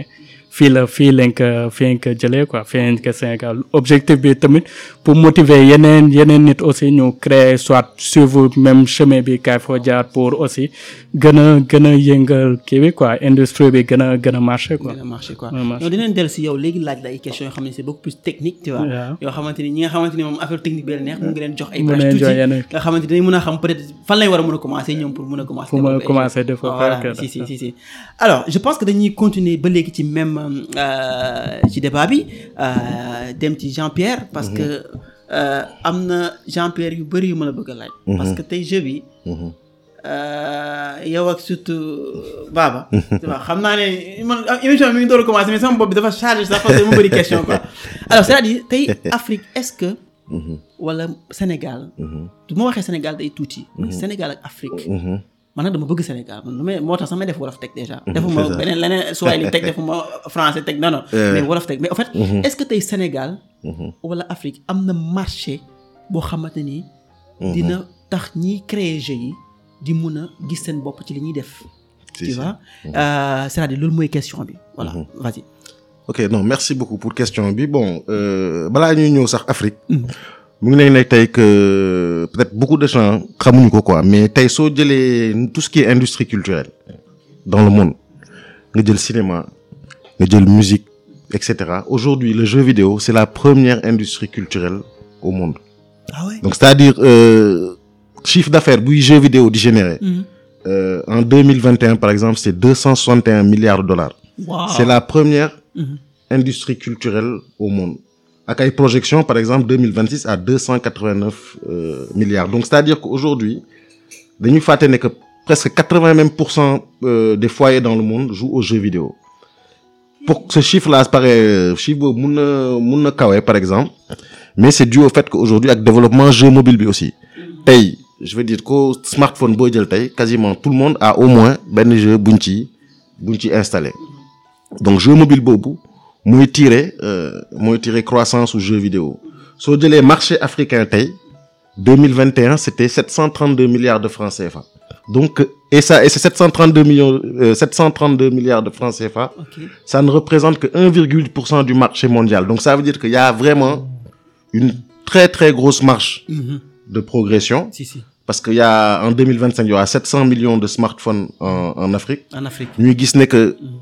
fii la fii lañ ko fii lañ ko jëlee quoi Sénégal objectif bi tamit pour motiver yeneen yeneen nit aussi ñu créer soit suivre même chemin bi kaay foo jaar pour aussi gën a gën a yëngal kii bi quoi industrie bi gën a gën a marché quoi. gën a marché quoi non dinañ dellu si yow léegi laaj la ay questions yoo xam ne ñi nga xamante ni moom affaire technique bi neex mu ngi leen jox ay branche tuuti nga xamante ni dañ mën a xam peut-être fan lay war a mën Euh, ci débat euh, dem ci Jean Pierre. parce mhm. que euh, am na Jean Pierre yu bëri yu ma la bëgg a laaj. Mhm. parce que tey jeu bi. Mhm. yow ak surtout Baba. [LAUGHS] xam naa ne man ah, émission bi mi ngi door a commencé mais sama bopp bi dafa chargé sax parce que mu bëri question quoi [LAUGHS] alors cest à ce que. wala ma waxee Sénégal day tuuti. Sénégal ak Afrique. man nag dama bëgg Sénégal man moo tax sax may def wolof teg déjà. Mhm, defuma beneen leneen suwaayli teg [LAUGHS] defuma français teg non non. mais wolof teg mais en fait. Mhm. est-ce que tey Sénégal. Mhm. wala Afrique am na marché boo xamante ni. dina tax ñiy créer jeux yi di mun a gis seen bopp ci li ñuy def. tu vois euh, cest à loolu mooy question bi. voilà vas-y. ok non merci beaucoup pour question bi bon euh, balaa ñuy ñëw sax Afrique. mu ngi leen ne tey que euh, peut-être beaucoup de gens xamuñu ko quoi mais tey soo jëlee tout ce qui est industrie culturelle dans le monde nga jël cinéma nga jël musique et cetera aujourd'hui le jeu vidéo c'est la première industrie culturelle au monde. ah ouais. donc c'est-à-dire euh, chiffre d'affaires buy jeu vidéo di générer. Mmh. Euh, en mille vingt et par exemple c'est deux cent soixante et un milliards de dollars. waaw c'est la première. Mmh. industrie culturelle au monde. ak ay projection par exemple 2026 à 289 euh, milliards donc c'est-à-dire qu'aujourd'hui dañuy fàtte ne que presque 80 même pour cent euh, des foyers dans le monde jouent aux jeux vidéo pour ce chiffre là paraît euh, chiffre boobu mun na mun na kawe par exemple mais c'est dû au fait qu'aujourd'hui ak développement jeu mobile bi aussi tey je veux dire que smartphone boo jël tey quasiment tout le monde a au moins benn jeu buñ ci buñ ci installé donc jeu mobile boobu mooy tirer euh, mooy tirer croissance su jeu vidéo soo jëlee marché africain tey mille vingt et un c' était sept cent trente deux milliards de francs CFA. donc et ça et ces sept euh, de francs CFA. Okay. ça ne représente que pour cent du mondial donc ça veut dire vraiment une très très marche. Mhm. de progression. Si, si. que a en mille vingt cinq y cent millions de smartphones en en Afrique. en Afrique gis ne que. Mhm.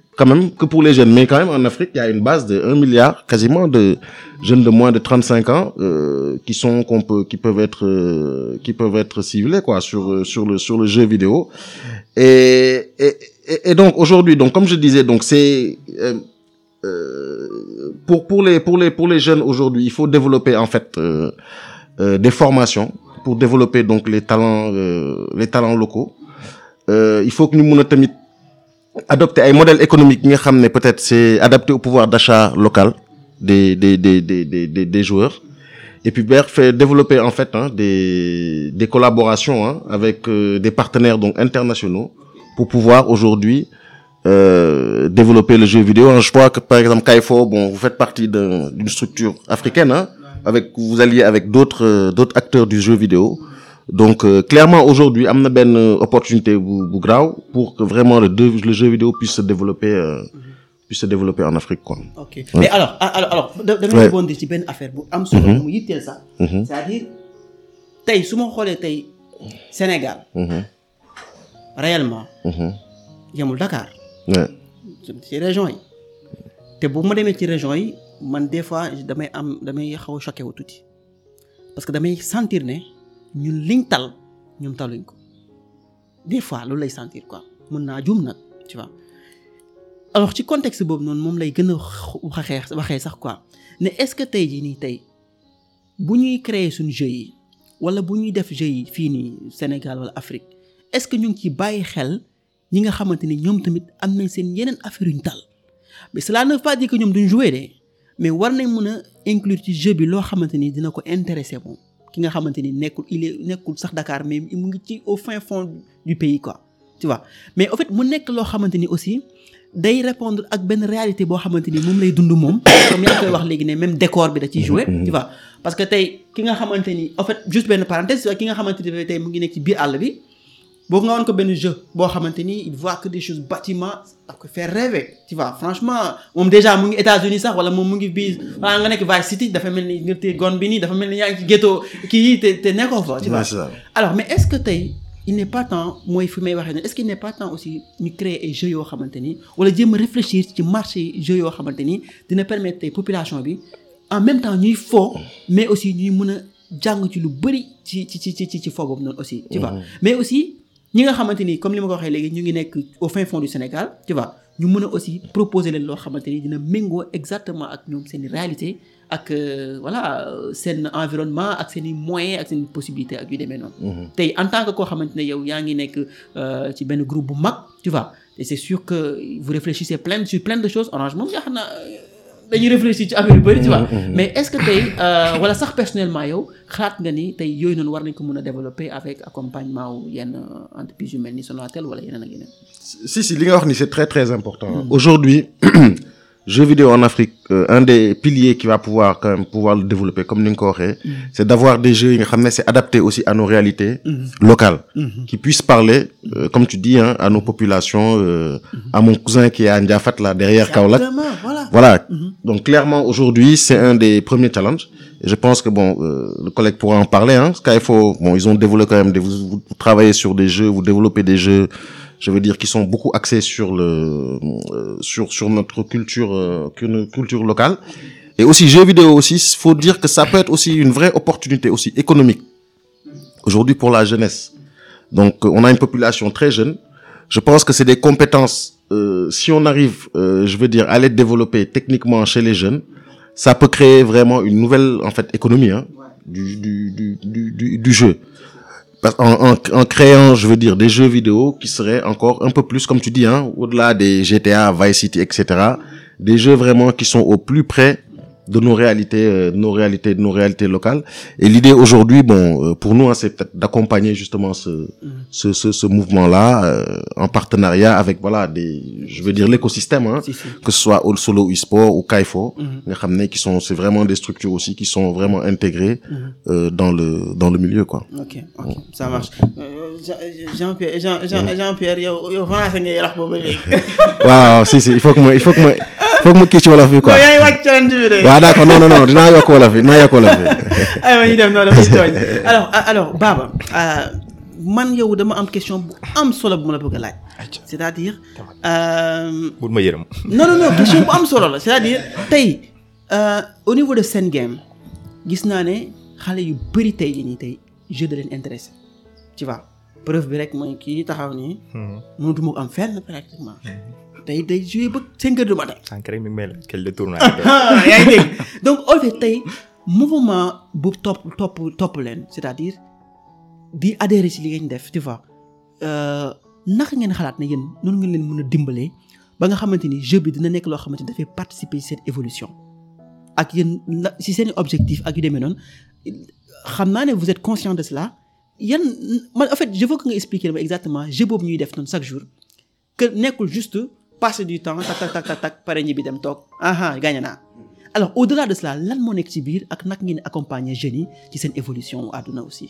quand même que pour les jeunes. Mais quand même, en Afrique, il a une base de 1 milliard quasiment de jeunes de moins de 35 ans euh, qui sont qu'on peut qui peuvent être euh, quoi sur euh, sur le sur le jeu vidéo. Et et, donc aujourd'hui, comme je disais, donc c'est euh, euh, pour pour les pour les pour les jeunes aujourd'hui, il faut développer en fait des formations pour développer donc les talents les locaux. il faut que nous tamit adopter ay modèle économique yi nga xam ne peut-être c'est adapté au pouvoir d'achat local des des des des des des joueurs et puis BER fait développer en fait hein, des des collaborations hein, avec euh, des partenaires donc internationaux pour pouvoir aujourd'hui euh, développer le jeu vidéo. Je crois que par exemple Kaifo, bon, vous faites partie d'une structure africaine, hein, avec vous alliez avec d'autres euh, d'autres acteurs du jeu vidéo. donc euh, clairement aujourd'hui am na benn euh, opportunité bu bu graaw pour que vraiment le le jeu vidéo puisse se développer euh, mhm. puisse se développer en Afrique quoi. ok ouais. mais alors alors ci benn affaire bu am solo. Mhm. mu yitteel sax. Mhm. c'est-à-dire tey su ma xoolee tey Sénégal. réellement. yemul Dakar. ci région yi. te bu ma demee ci région yi man des fois damay am damay xaw a choqué wu tuuti parce que damay sentir ne. ñun liñ tal ñoom taluñ ko des fois loolu lay sentir quoi mën naa jum nag tu vois ci contexte boobu noonu moom lay gën a waxee waxee sax quoi ne est-ce que tey jii nii tey bu ñuy créer suñu jeu yi wala bu ñuy def jeu yi fii nii Sénégal wala Afrique est-ce que ñu ngi ciy bàyyi xel ñi nga xamante ni ñoom tamit am nañ seen yeneen affaire yuñ tal mais cela ne veut ñoom duñ jouer de mais war nañ mën a inclure ci jeu bi loo xamante ni dina ko intéresser moom. ki nga xamante ni nekkul il est nekkul sax Dakar mais mu ngi ci au fin fond du pays quoi tu vois mais en mu nekk loo xamante ni aussi day répondre ak benn réalité boo xamante ni moom lay dund moom comme yaa koy wax léegi ne même décor bi da ciy jouer mm-hmm. parce que tey ki nga xamante ni en fait juste benn parenthèse ki nga xamante ni tey mu ngi nekk ci biir àll bi boo nga woon ko benn jeu boo xamante ni il voit que des choses bâtiment daf ko faire franchement moom déjà mu ngi États-Unis sax wala moom mu ngi biis wala nga nekk Vice bi nii dafa mel ni yaa ngi ci ghetto kii yi te te nekkoo fa tu vois mais est-ce que tey il n'est pas temps mooy fi may waxee ne est-ce qu'il ñu créer ay jeux yoo xamante ni wala jéem a réfléchir ci marché jeux yoo xamante ni dina permettre tey population bi en même temps ñuy fo mais aussi ñuy mun a jàng ci lu bëri ci ci ci ci ci fo boobu noonu aussi mm-hmm. aussi ñi nga xamante ni comme li ma ko waxee léegi ñu ngi nekk au fin fond du Sénégal tu vois ñu mën a aussi proposer leen loo xamante ni dina méngoo exactement ak ñoom seen réalité ak euh, voilà seen environnement ak seen i moyens ak seen possibilité ak yu demee noonu. Mm-hmm. tey en tant que koo xamante ne yow yaa ngi nekk euh, ci benn groupe bu mag tu vois et c'est sûr que vous réfléchissez plein sur plein de choses Orange moom yaa xam naa euh, dañuy réfléchir ci affaire yu bëri tu vois mm, mm, mm. mais est-ce que tey euh, wala sax personnellement yow xalaat nga ni tey yooyu noonu war nañ ko mën a développer avec accompagnement wu yenn euh, entreprise yu mel ni Sonatel wala yeneen a yeneen si si li nga wax ni c'est très très important aujourd'hui [CLEARS THROAT] jeu vidéo en Afrique euh, un des piliers qui va pouvoir le développer comme ni nga ko waxee mm. c'est d'avoir des jeux yi xam ne c'est adapté aussi à nos réalités mm. locales mm-hmm. qui puissent parler euh, comme tu dis à nos populations euh, mm-hmm. à mon cousin qui est à Ndiafat là derrière Kaolack voilà mm-hmm. donc clairement aujourd'hui c'est un des premiers challenges et je pense que bon le collègue pourra en parler hein Skyfo bon ils ont développé des vous sur des jeux vous développez des jeux je veux dire, qui sont beaucoup axés sur le euh, sur sur notre culture euh, culture locale. Et aussi jeux vidéo aussi, faut dire que ça peut être aussi une vraie opportunité aussi économique aujourd'hui pour la jeunesse. Donc euh, on a une population très jeune. Je pense que c'est des compétences. Euh, si on arrive, euh, je veux dire, à les développer techniquement chez les jeunes, ça peut créer vraiment une nouvelle en fait économie du, du, du jeu. en, en, en, créant, je veux dire, des jeux vidéo qui seraient encore un peu plus, comme tu dis, hein, au-delà des GTA, Vice City, etc., des jeux vraiment qui sont au plus près de nos réalités, euh, de nos réalités, de nos réalités locales. Et l'idée aujourd'hui, bon, euh, pour nous, hein, c'est peut-être d'accompagner justement ce, ce, ce, ce mouvement-là euh, en partenariat avec des, je veux dire l'écosystème, que ce soit All Solo eSport ou Kaifo, mm -hmm. qui sont, vraiment des structures aussi qui sont intégrées mhm. euh, dans le milieu, Jean-Pierre, Jean-Pierre, Jean-Pierre, il faut que moi. foog ma kii ci wolof bi quoi. non yaa ngi wàcc challenge bi de. waaw d'accord non non non dinaa yokk wolof bi dinaa yokk [LAUGHS] dem noonu dafa tooñ alors ah, alors euh, man yow dama am question bu am solo bu ma la bëgg a c'est-à-dire. bu euh, ma yërëm. [LAUGHS] non non solo la cest à euh, au niveau de Sen Game gis naa ne xale yu bëri tey jii nii tey jeu de leen intéressé tu vois preuve bi rek mooy kii taxaw nii. Hmm. mënatuma ko am fenn pratiquement. Hmm. tey day joué ba cinq heures du matin. sànq rek mi ngi may la quel détour yaa ngi dégg bu topp topp topp leen c'est-à-dire di adhérer ci li ngeen def tu vois naka ngeen xalaat ne yéen noonu ngeen leen mën a dimbalee ba nga xamante ni jeu bi dina nekk loo xamante ni dafay participer ci évolution ak yéen ci seen objectif ak yu demee noonu xam naa ne vous êtes conscient de cela yan man en fait je veux que nga expliquer ma exactement jeu boobu ñuy def noonu chaque jour passer du temps tak tak tak tak pare ñi bi dem toog aha gagné naa alors au delà de cela lan moo nekk ci biir ak nag ngeen accompagner jeunes yi ci seen évolution àdduna aussi.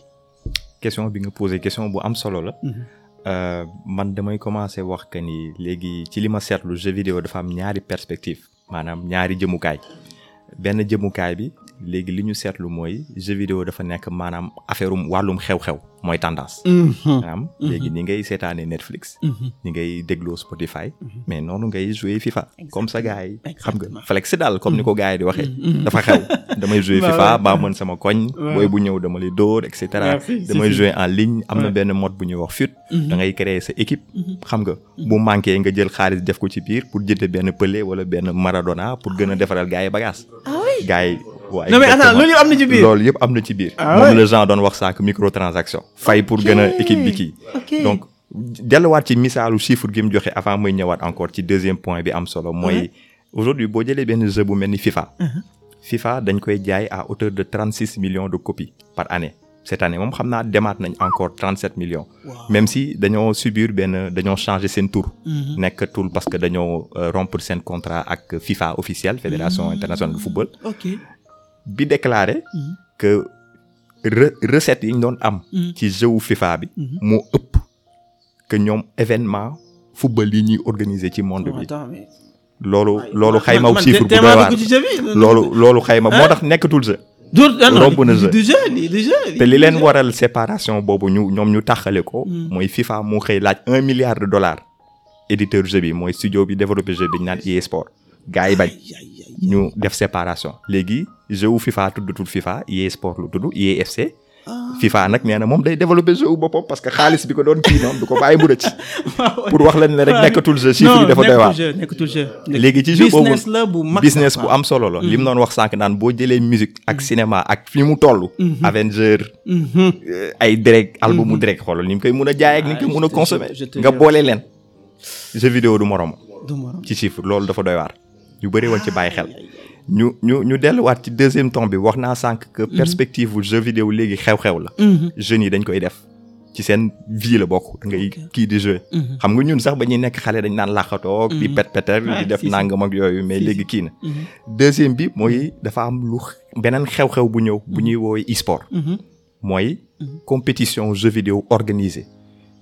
question bi nga posé question bu am solo la. Mhm. Euh, man damay commencer wax que ni léegi ci li ma seetlu jeu vidéo dafa am ñaari perspective maanaam ñaari jëmukaay benn jëmukaay bi léegi li ñu seetlu mooy jeu vidéo dafa nekk maanaam affaire um wàllum xew-xew mooy tendance. Mm-hmm. maanaam mm-hmm. léegi ni ngay seetaanee Netflix. Mm-hmm. ni ngay dégloo Spotify. mais noonu ngay jouer FIFA. comme sa gars yi xam nga flex daal comme ni ko gars yi di waxee. dafa xew damay jouer [LAUGHS] FIFA baa mën sama koñ. booy bu ñëw dama lay dóor et cetera. damay jouer en ligne am na benn mot bu ñuy wax fut. dangay ngay créer sa équipe. xam nga bu manqué nga jël xaalis def ko ci biir pour jënd benn pële wala benn Maradona pour gën a ah defaral gars yi bagage. Ah gars yi waaw non mais yëpp am na ci biir loolu yëpp am na ci biir. Ah moom la genre doon wax sànq microtransaction. fay pour gën a équipe bi kii. donc delluwaat ci misaalu chiffre gi joxe avant muy ñëwaat encore ci deuxième point bi am solo. mooy uh-huh. aujourd'hui boo jëlee benn jeu bu mel ni FIFA. Uh-huh. FIFA dañ koy jaay à hauteur de trente six millions de copies par année. cette année moom xam naa demaat nañ encore 37 millions. Wow. même si dañoo subir benn dañoo changer seen tour uh-huh. nekk tour parce que dañoo euh, rompre seen contrat ak FIFA officiel fédération mm -hmm. de football. ok bi déclaré. Mm-hmm. que re recette yi ñu doon am. Mm-hmm. ci jeu FIFA bi. Mm-hmm. moo ëpp que ñoom événement football yi ñuy organiser ci monde oh, bi. loolu loolu xayma chiffre bu doy waar loolu loolu xayma moo tax nekkatul jeu. Ah te li leen waral séparation boobu ñu ñoom ñu taxale ko. Mm. mooy FIFA moo xëy laaj un milliard de dollars. éditeur jeu bi mooy studio bi développé jeu bi ñu naan EA Sport. gars yi bañ ñu def séparation léegi. jeu wu FIFA tuddutul FIFA EA Sport lu tudd EA FC. Ah. FIFA nag nee na moom day développé jeu boppam parce que xaalis bi ko doon kii noonu du ko bàyyi mu rëcc. [LAUGHS] Ah pour wax leen ne rek ah, nekkatul jeu. chiffre yi dafa doy waar léegi ci jeu boobu business bu mag bu am solo la. li mu mm. doon wax sànq naan boo jëlee musique ak mm. cinéma ak fi mu toll. Mm-hmm. Avenger. Mm-hmm. Euh, ay direct mu direct xoolal ni mu koy mun a jaayee ak ni mu mun a consommer. nga boole leen. jeu vidéo du morom. ci loolu dafa doy waar. yu bëri woon ci bàyyi xel. ñu ñu ñu delluwaat ci deuxième temps bi wax naa sànq mhm. perspective bu jeu vidéo léegi xew-xew la mhm. jeunes yi dañ koy def ci seen vie bokk da ngay kii di jouer mhm. xam nga ñun sax ba ñuy nekk xale dañ naan làqatoog di pet peter ah, di def nangam ak yooyu mais léegi kii na deuxième bi mooy dafa am lu beneen xew-xew bu ñëw bu ñuy woowee e-sport mooy compétition jeu vidéo organisée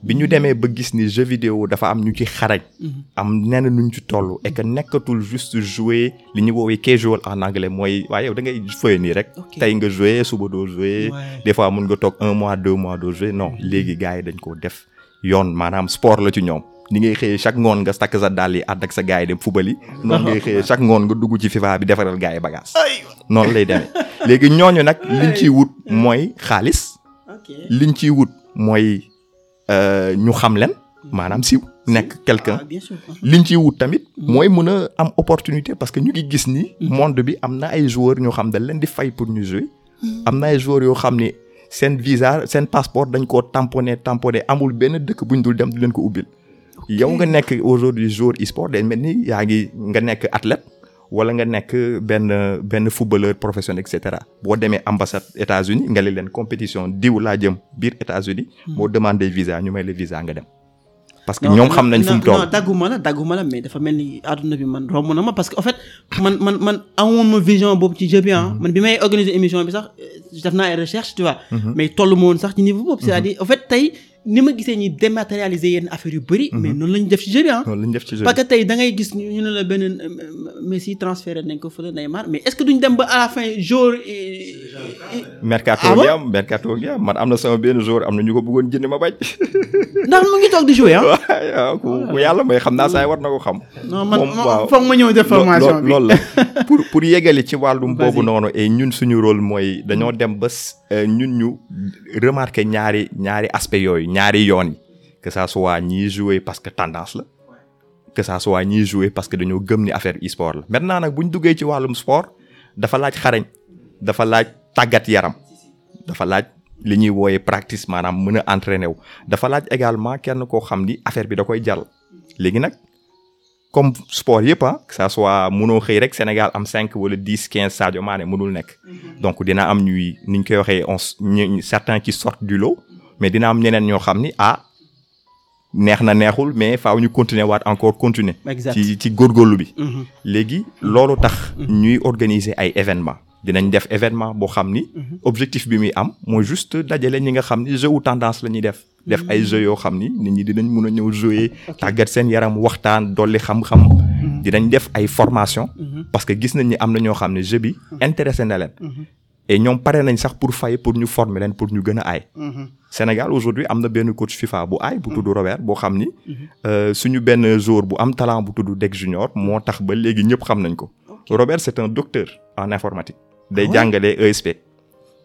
bi ñu demee ba gis ni jeu vidéo dafa am ñu ci xarañ. Mm-hmm. am nenn ñu ci toll. et nekkatul juste jouer li ñu woowee casual en anglais mooy waaye yow da ngay fëy nii rek. tey nga jouer suba doo jouer. des fois mun nga toog un mois deux mois doo jouer non mm-hmm. léegi gars yi dañ koo def yoon maanaam sport la ci ñoom. ni ngay xëyee chaque ngoon nga sakk sa dàll yi ànd ak sa gars yi dem fubali. [LAUGHS] noonu ngay ngoon nga dugg ci FIFA bi defaral gars yi noonu lay demee léegi ñooñu nag liñ ciy wut mm. mooy xaalis. liñ ciy wut mooy. Euh, ñu xam leen maanaam siiw nekk quelqu'un ah, liñ ciy wut tamit mm-hmm. mooy mën a am opportunité parce que ñu ngi gis ni mm-hmm. monde bi am na ay joueurs ñoo xam dañ leen di fay pour ñu jouer mm-hmm. am na ay joueurs yoo xam ni seen visa seen passeport dañ koo tamponné tamponné amul benn dëkk buñ dul dem du leen ko ubbil yow nga nekk aujourd'hui jour e-sport day mel ni yaa ngi nga nekk athlète wala nga nekk benn benn footballeur profession et cetera boo demee ambassade États-Unis nga ne leen compétition diw laa jëm biir États-Unis hmm. boo demandé visa ñu may la visa nga dem. parce que ñoom xam nañ fu mu toll non dagguma dafa mel ni àdduna bi man romb na ma parce que en fait man man man amoon ma vision boobu ci jeu bi ah. hmm. man bi may organiser émission bi sax euh, def naa ay recherche tu vois. Hmm. mais tollu ma woon sax ci niveau boobu. c'est-à-dire en fait tey. ni ma gisee ñi dématérialiser yenn affaire yu bëri. mais mhm. noonu la def ci jeu bi ah. noonu la def ci jeu bi parce tey dangay ngay gis ñu ne la benn euh, euh, Messi transféré nañ ko fële Neymar mais est ce que ñu dem ba à la fin jour. Euh, mercato ah gi am mercato gi am man am na sama benn jour am na ñu ko buggoon jënd ma bañ. [LAUGHS] ndax mu ngi toog di joué ah. ku yàlla mooy xam naa saa war na ko xam. non waaw foog ma ñëw def loolu la [LAUGHS] pour pour yeggali ci wàllum boobu noonu. ñun suñu role mooy dañoo dem ba ñun ñu remarqué ñaari ñaari aspect yooyu. ñaari yoon yi que ça soit ñiy jouer parce que tendance la que ça soit ñiy jouer parce que dañoo gëm ni affaire e-sport la maintenant nag bu ñu duggee ci wàllum sport dafa laaj xarañ dafa laaj tàggat yaram dafa laaj li ñuy wooyee practice maanaam mën a entraîner wu dafa laaj également kenn koo xam ni affaire bi da koy jàll léegi nag comme sport yëpp a ah, que ça soit mënoo xëy rek Sénégal am cinq wala dix quinze Sadio maane mënul nekk mm-hmm. donc dina am ñuy ni ñu koy waxee on certains qui sortent du lot mais dina am ñeneen ñoo xam ni ah neex na neexul mais faaw ñu continuer waat encore continuer ci ci góorgóorlu bi mhm. léegi loolu tax mhm. ñuy organiser ay événement dinañ def événement boo xam ni mhm. objectif bi muy am mooy juste dajale ñi nga xam ni jeu ou tendance la ñuy def def ay jeu yoo xam ni nit ñi dinañ mun a ñëw jouer tàggat seen yaram waxtaan dolli xam-xam dinañ def ay formation parce que gis nañ ni am na ñoo xam ne jeu bi intéressé na leen et ñoom pare nañ sax pour fay pour ñu former leen pour ñu gën a aay. Mhm. Sénégal aujourd'hui am na benn coach FIFA bu aay bu tudd mhm. Robert boo xam ni. Mhm. Euh, suñu benn joueur bu am talant bu tudd Deg Junior moo tax ba léegi ñëpp xam nañ ko. Robert c'est un docteur en informatique. day ah jàngale ESP.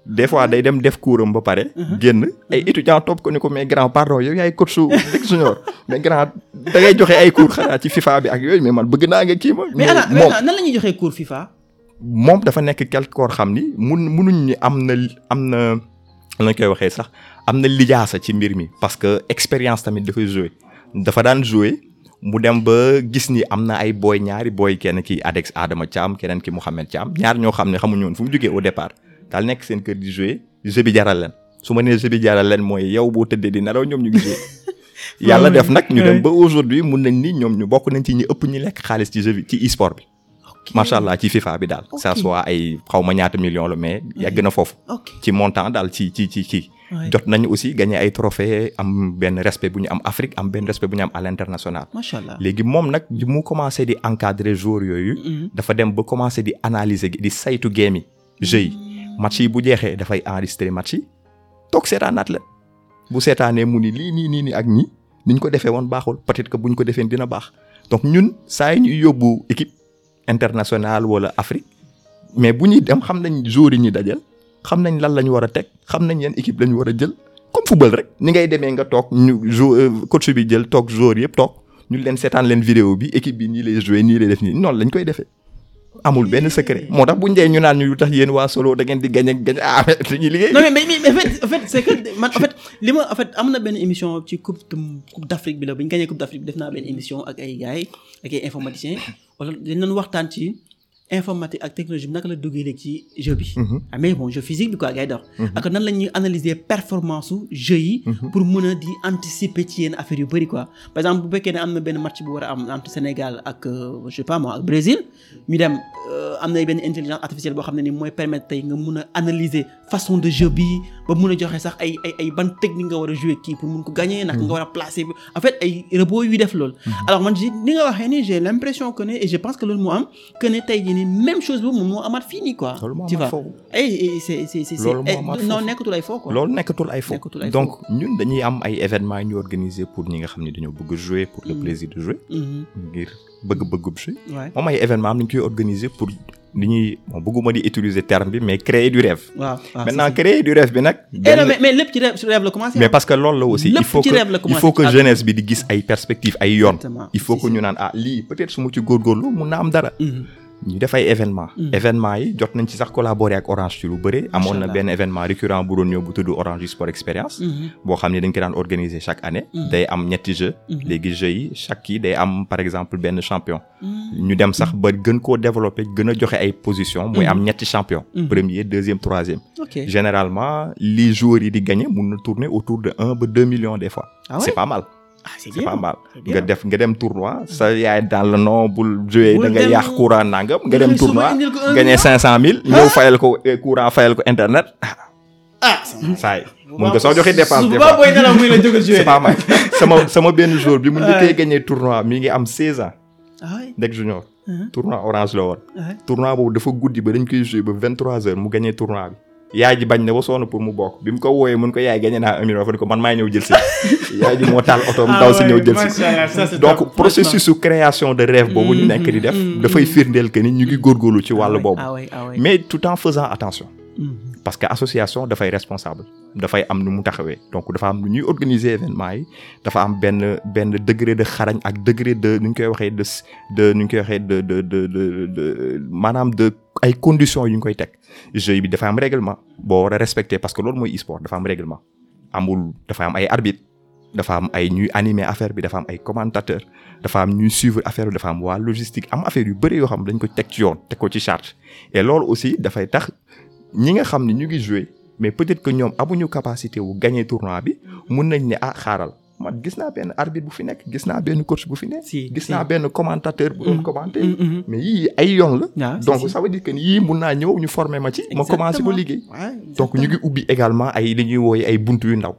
des fois ah day dem def cours ba pare. génn ay étudiants topp ko ni ko mais grand pardon yow yaay coach su Deg Junior mais grand da ngay joxe ay cours xanaa ci FIFA bi ak yooyu mais man bëgg naa nga kii ma. mais ana moom dafa nekk quelque koo xam ni mun munuñ ni am na am na lañ koy waxee sax am na lijaasa ci mbir mi parce que expérience tamit dafay jouer dafa daan jouer mu dem ba gis ni am na ay booy ñaari booy kenn ki Adex Adama Thiam keneen ki Mouhamed Thiam ñaar ñoo xam ne xamuñoon fu mu jógee au départ daal nekk seen kër di jouer jeu bi jaral leen su ma nee jeu jaral leen mooy yow boo tëddee di nelaw ñoom ñu ngi [LAUGHS] yàlla def nag ñu dem ba aujourd'hui mun nañ ni ñoom ñu bokk nañ ci ñi ëpp ñi lekk xaalis ci bi ci e bi macha allah ci FIFA bi daal. ça soit ay xaw ma ñaata million la mais yàgg na foofu. ci montant daal ci ci ci kii. jot nañu aussi gagné ay trophée am benn respect bu ñu am Afrique am benn respect bu ñu am à l'international. macha allah léegi moom nag bi mu commencé di encadrer joueurs yooyu. Mm-hmm. dafa dem ba commencé di analyser di saytu game yi jeu yi mm. match yi bu jeexee dafay enregistrer match yi toog seetaanaat la bu seetaanee mu ni lii nii nii nii ak ñi nuñ ko defee woon baaxul peut-être que bu ñu ko defee dina baax donc ñun saa yi ñuy international wala Afrique mais bu ñuy dem xam nañ jour yi ñuy dajal xam nañ lan la ñu war a teg xam nañ yan équipe la ñu war a jël comme football rek ni ngay demee nga toog ñu jou euh, coach bi jël toog jour yëpp toog ñu leen seetaan leen vidéo bi équipe bi nii lay nii lay def nii lañ koy defee. amul benn secret moo tax bu ñu dee ñu ñu lu tax yéen waa solo da ngeen di gañ ak gañ ah li ma en am na benn émission ci coupe coupe bi la bu ñu gañee coupe d' Afrique bi def naa benn émission ak ay gars yi wala dañ doon waxtaan ci informatique ak technologie bi naka la duggee léegi ci jeu bi mhm. ah, mais bon bi quoi mhm. ak nan la ñuy analyser performance su mhm. pour mën di anticiper ci yenn affaires yu bëri quoi par exemple bu fekkee ne am na benn a am entre Sénégal ak euh, je sais pas moi euh, benn intelligence artificielle boo xam ne ni mooy permettre tey nga mun a analyser façon de jeu bi ba mun a sax ay ay ay ban nga war a kii pour mun ko gagner naka nga war a placer en fait ay robot yuy def loolu alors man ni nga waxee ni j'ai que ne et nii même chose boobu moom moo amaat fii nii quoi. loolu moo ay c'est c'est c'est eh, non nekkatul ay foo ñun dañuy am ay événements ñu organiser pour ñi nga xam ne dañoo bëgg jouer pour le mm. plaisir bëgg-bëggub jouer. Mm-hmm. moom ay pour. li ñuy bon bëgguma di utiliser bi mais créer du rêve. waaw maintenant créer du rêve bi eh loolu bi di gis ay perspectives ay yoon. il faut que ñu naan ah mun na am dara. Mm-hmm. ñu def ay événement mm. événement yi jot nañ ci sax collaborer ak Orange ci lu bëri amoon na benn événement récurrent bu doon ñëw bu tudd Orange Sport Experience mm-hmm. boo xam ne dañ ko daan organiser chaque année mm. day am ñetti jeu mm-hmm. léegi jeu yi chaque kii day am par exemple benn champion mm. ñu dem sax ba gën koo développer gën a joxe ay position muy am mm-hmm. ñetti champion premier deuxième troisième généralement li joueurs yi di gagner mun na tourner autour de un ba deux millions des fois ah c'est pas Ah, c'est pas mal nga def nga dem tournoi sa yaay daal la non bul joué da nga yàq courant nangam nga dem tournoi gagné cinq cent mille moo ah! fayal ko eh, courant fayal ko internet ah, ah! saa yi mun nga soo joxee dépense c'est pas mal [LAUGHS] sama sama benn jour bi mu njëkkee gagné tournoi mi ngi am seize ans ndek junior uh-huh. tournoi orange la woon tournoi boobu dafa guddi ba dañ koy joué ba vingt trois heures mu gagné tournoi bi yaay ji bañ na ba sonn pour mu bokk bi mu ko wooyee mun ko yaay gañe naa un million fa ni ko man maay ñëw jël si [LAUGHS] yaay ji moo taal otoom daw si ñëw jël si donc processus su création de rêve boobu ñu nekk di mm-hmm. def mm-hmm. dafay firndeel que ni ñu ngi góorgóorlu ci wàllu ah boobu ah ah mais tout en faisant attention Mhm. parce que association dafay responsable dafay am nu mu taxawee donc dafa am lu ñuy organiser événement yi dafa am benn benn degré de xarañ ak degré de nu ñu koy waxee de de nu ñu koy waxee de de de de maanaam de ay conditions yu ñu koy teg jeu bi dafa am règlement boo war a respecter parce que loolu mooy e-sport dafa am règlement amul dafa am ay arbitre dafa am ay ñuy animer affaire bi dafa am ay commentateur dafa am ñuy suivre affaire bi dafa am waa logistique am affaire yu bëri yoo xam dañ ko teg ci yoon teg ko ci charge loolu aussi dafay tax ñi nga xam ne ñu ngi joué mais peut-être que ñoom amuñu capacité wu gagné tournoi bi mun nañ ne ah xaaral man gis naa benn arbitre bu fi nekk gis naa benn coach bu fi nekk. gis naa benn commentateur bu doon mm-hmm. commenté. Mm-hmm, mm-hmm. mais yii ay yoon la. Ah, donc ça veut dire mun naa ñëw ñu former ma ci. ma commencé ko liggéey. donc ñu ngi ubbi également ay li ñuy wooye ay buntu yu ndaw.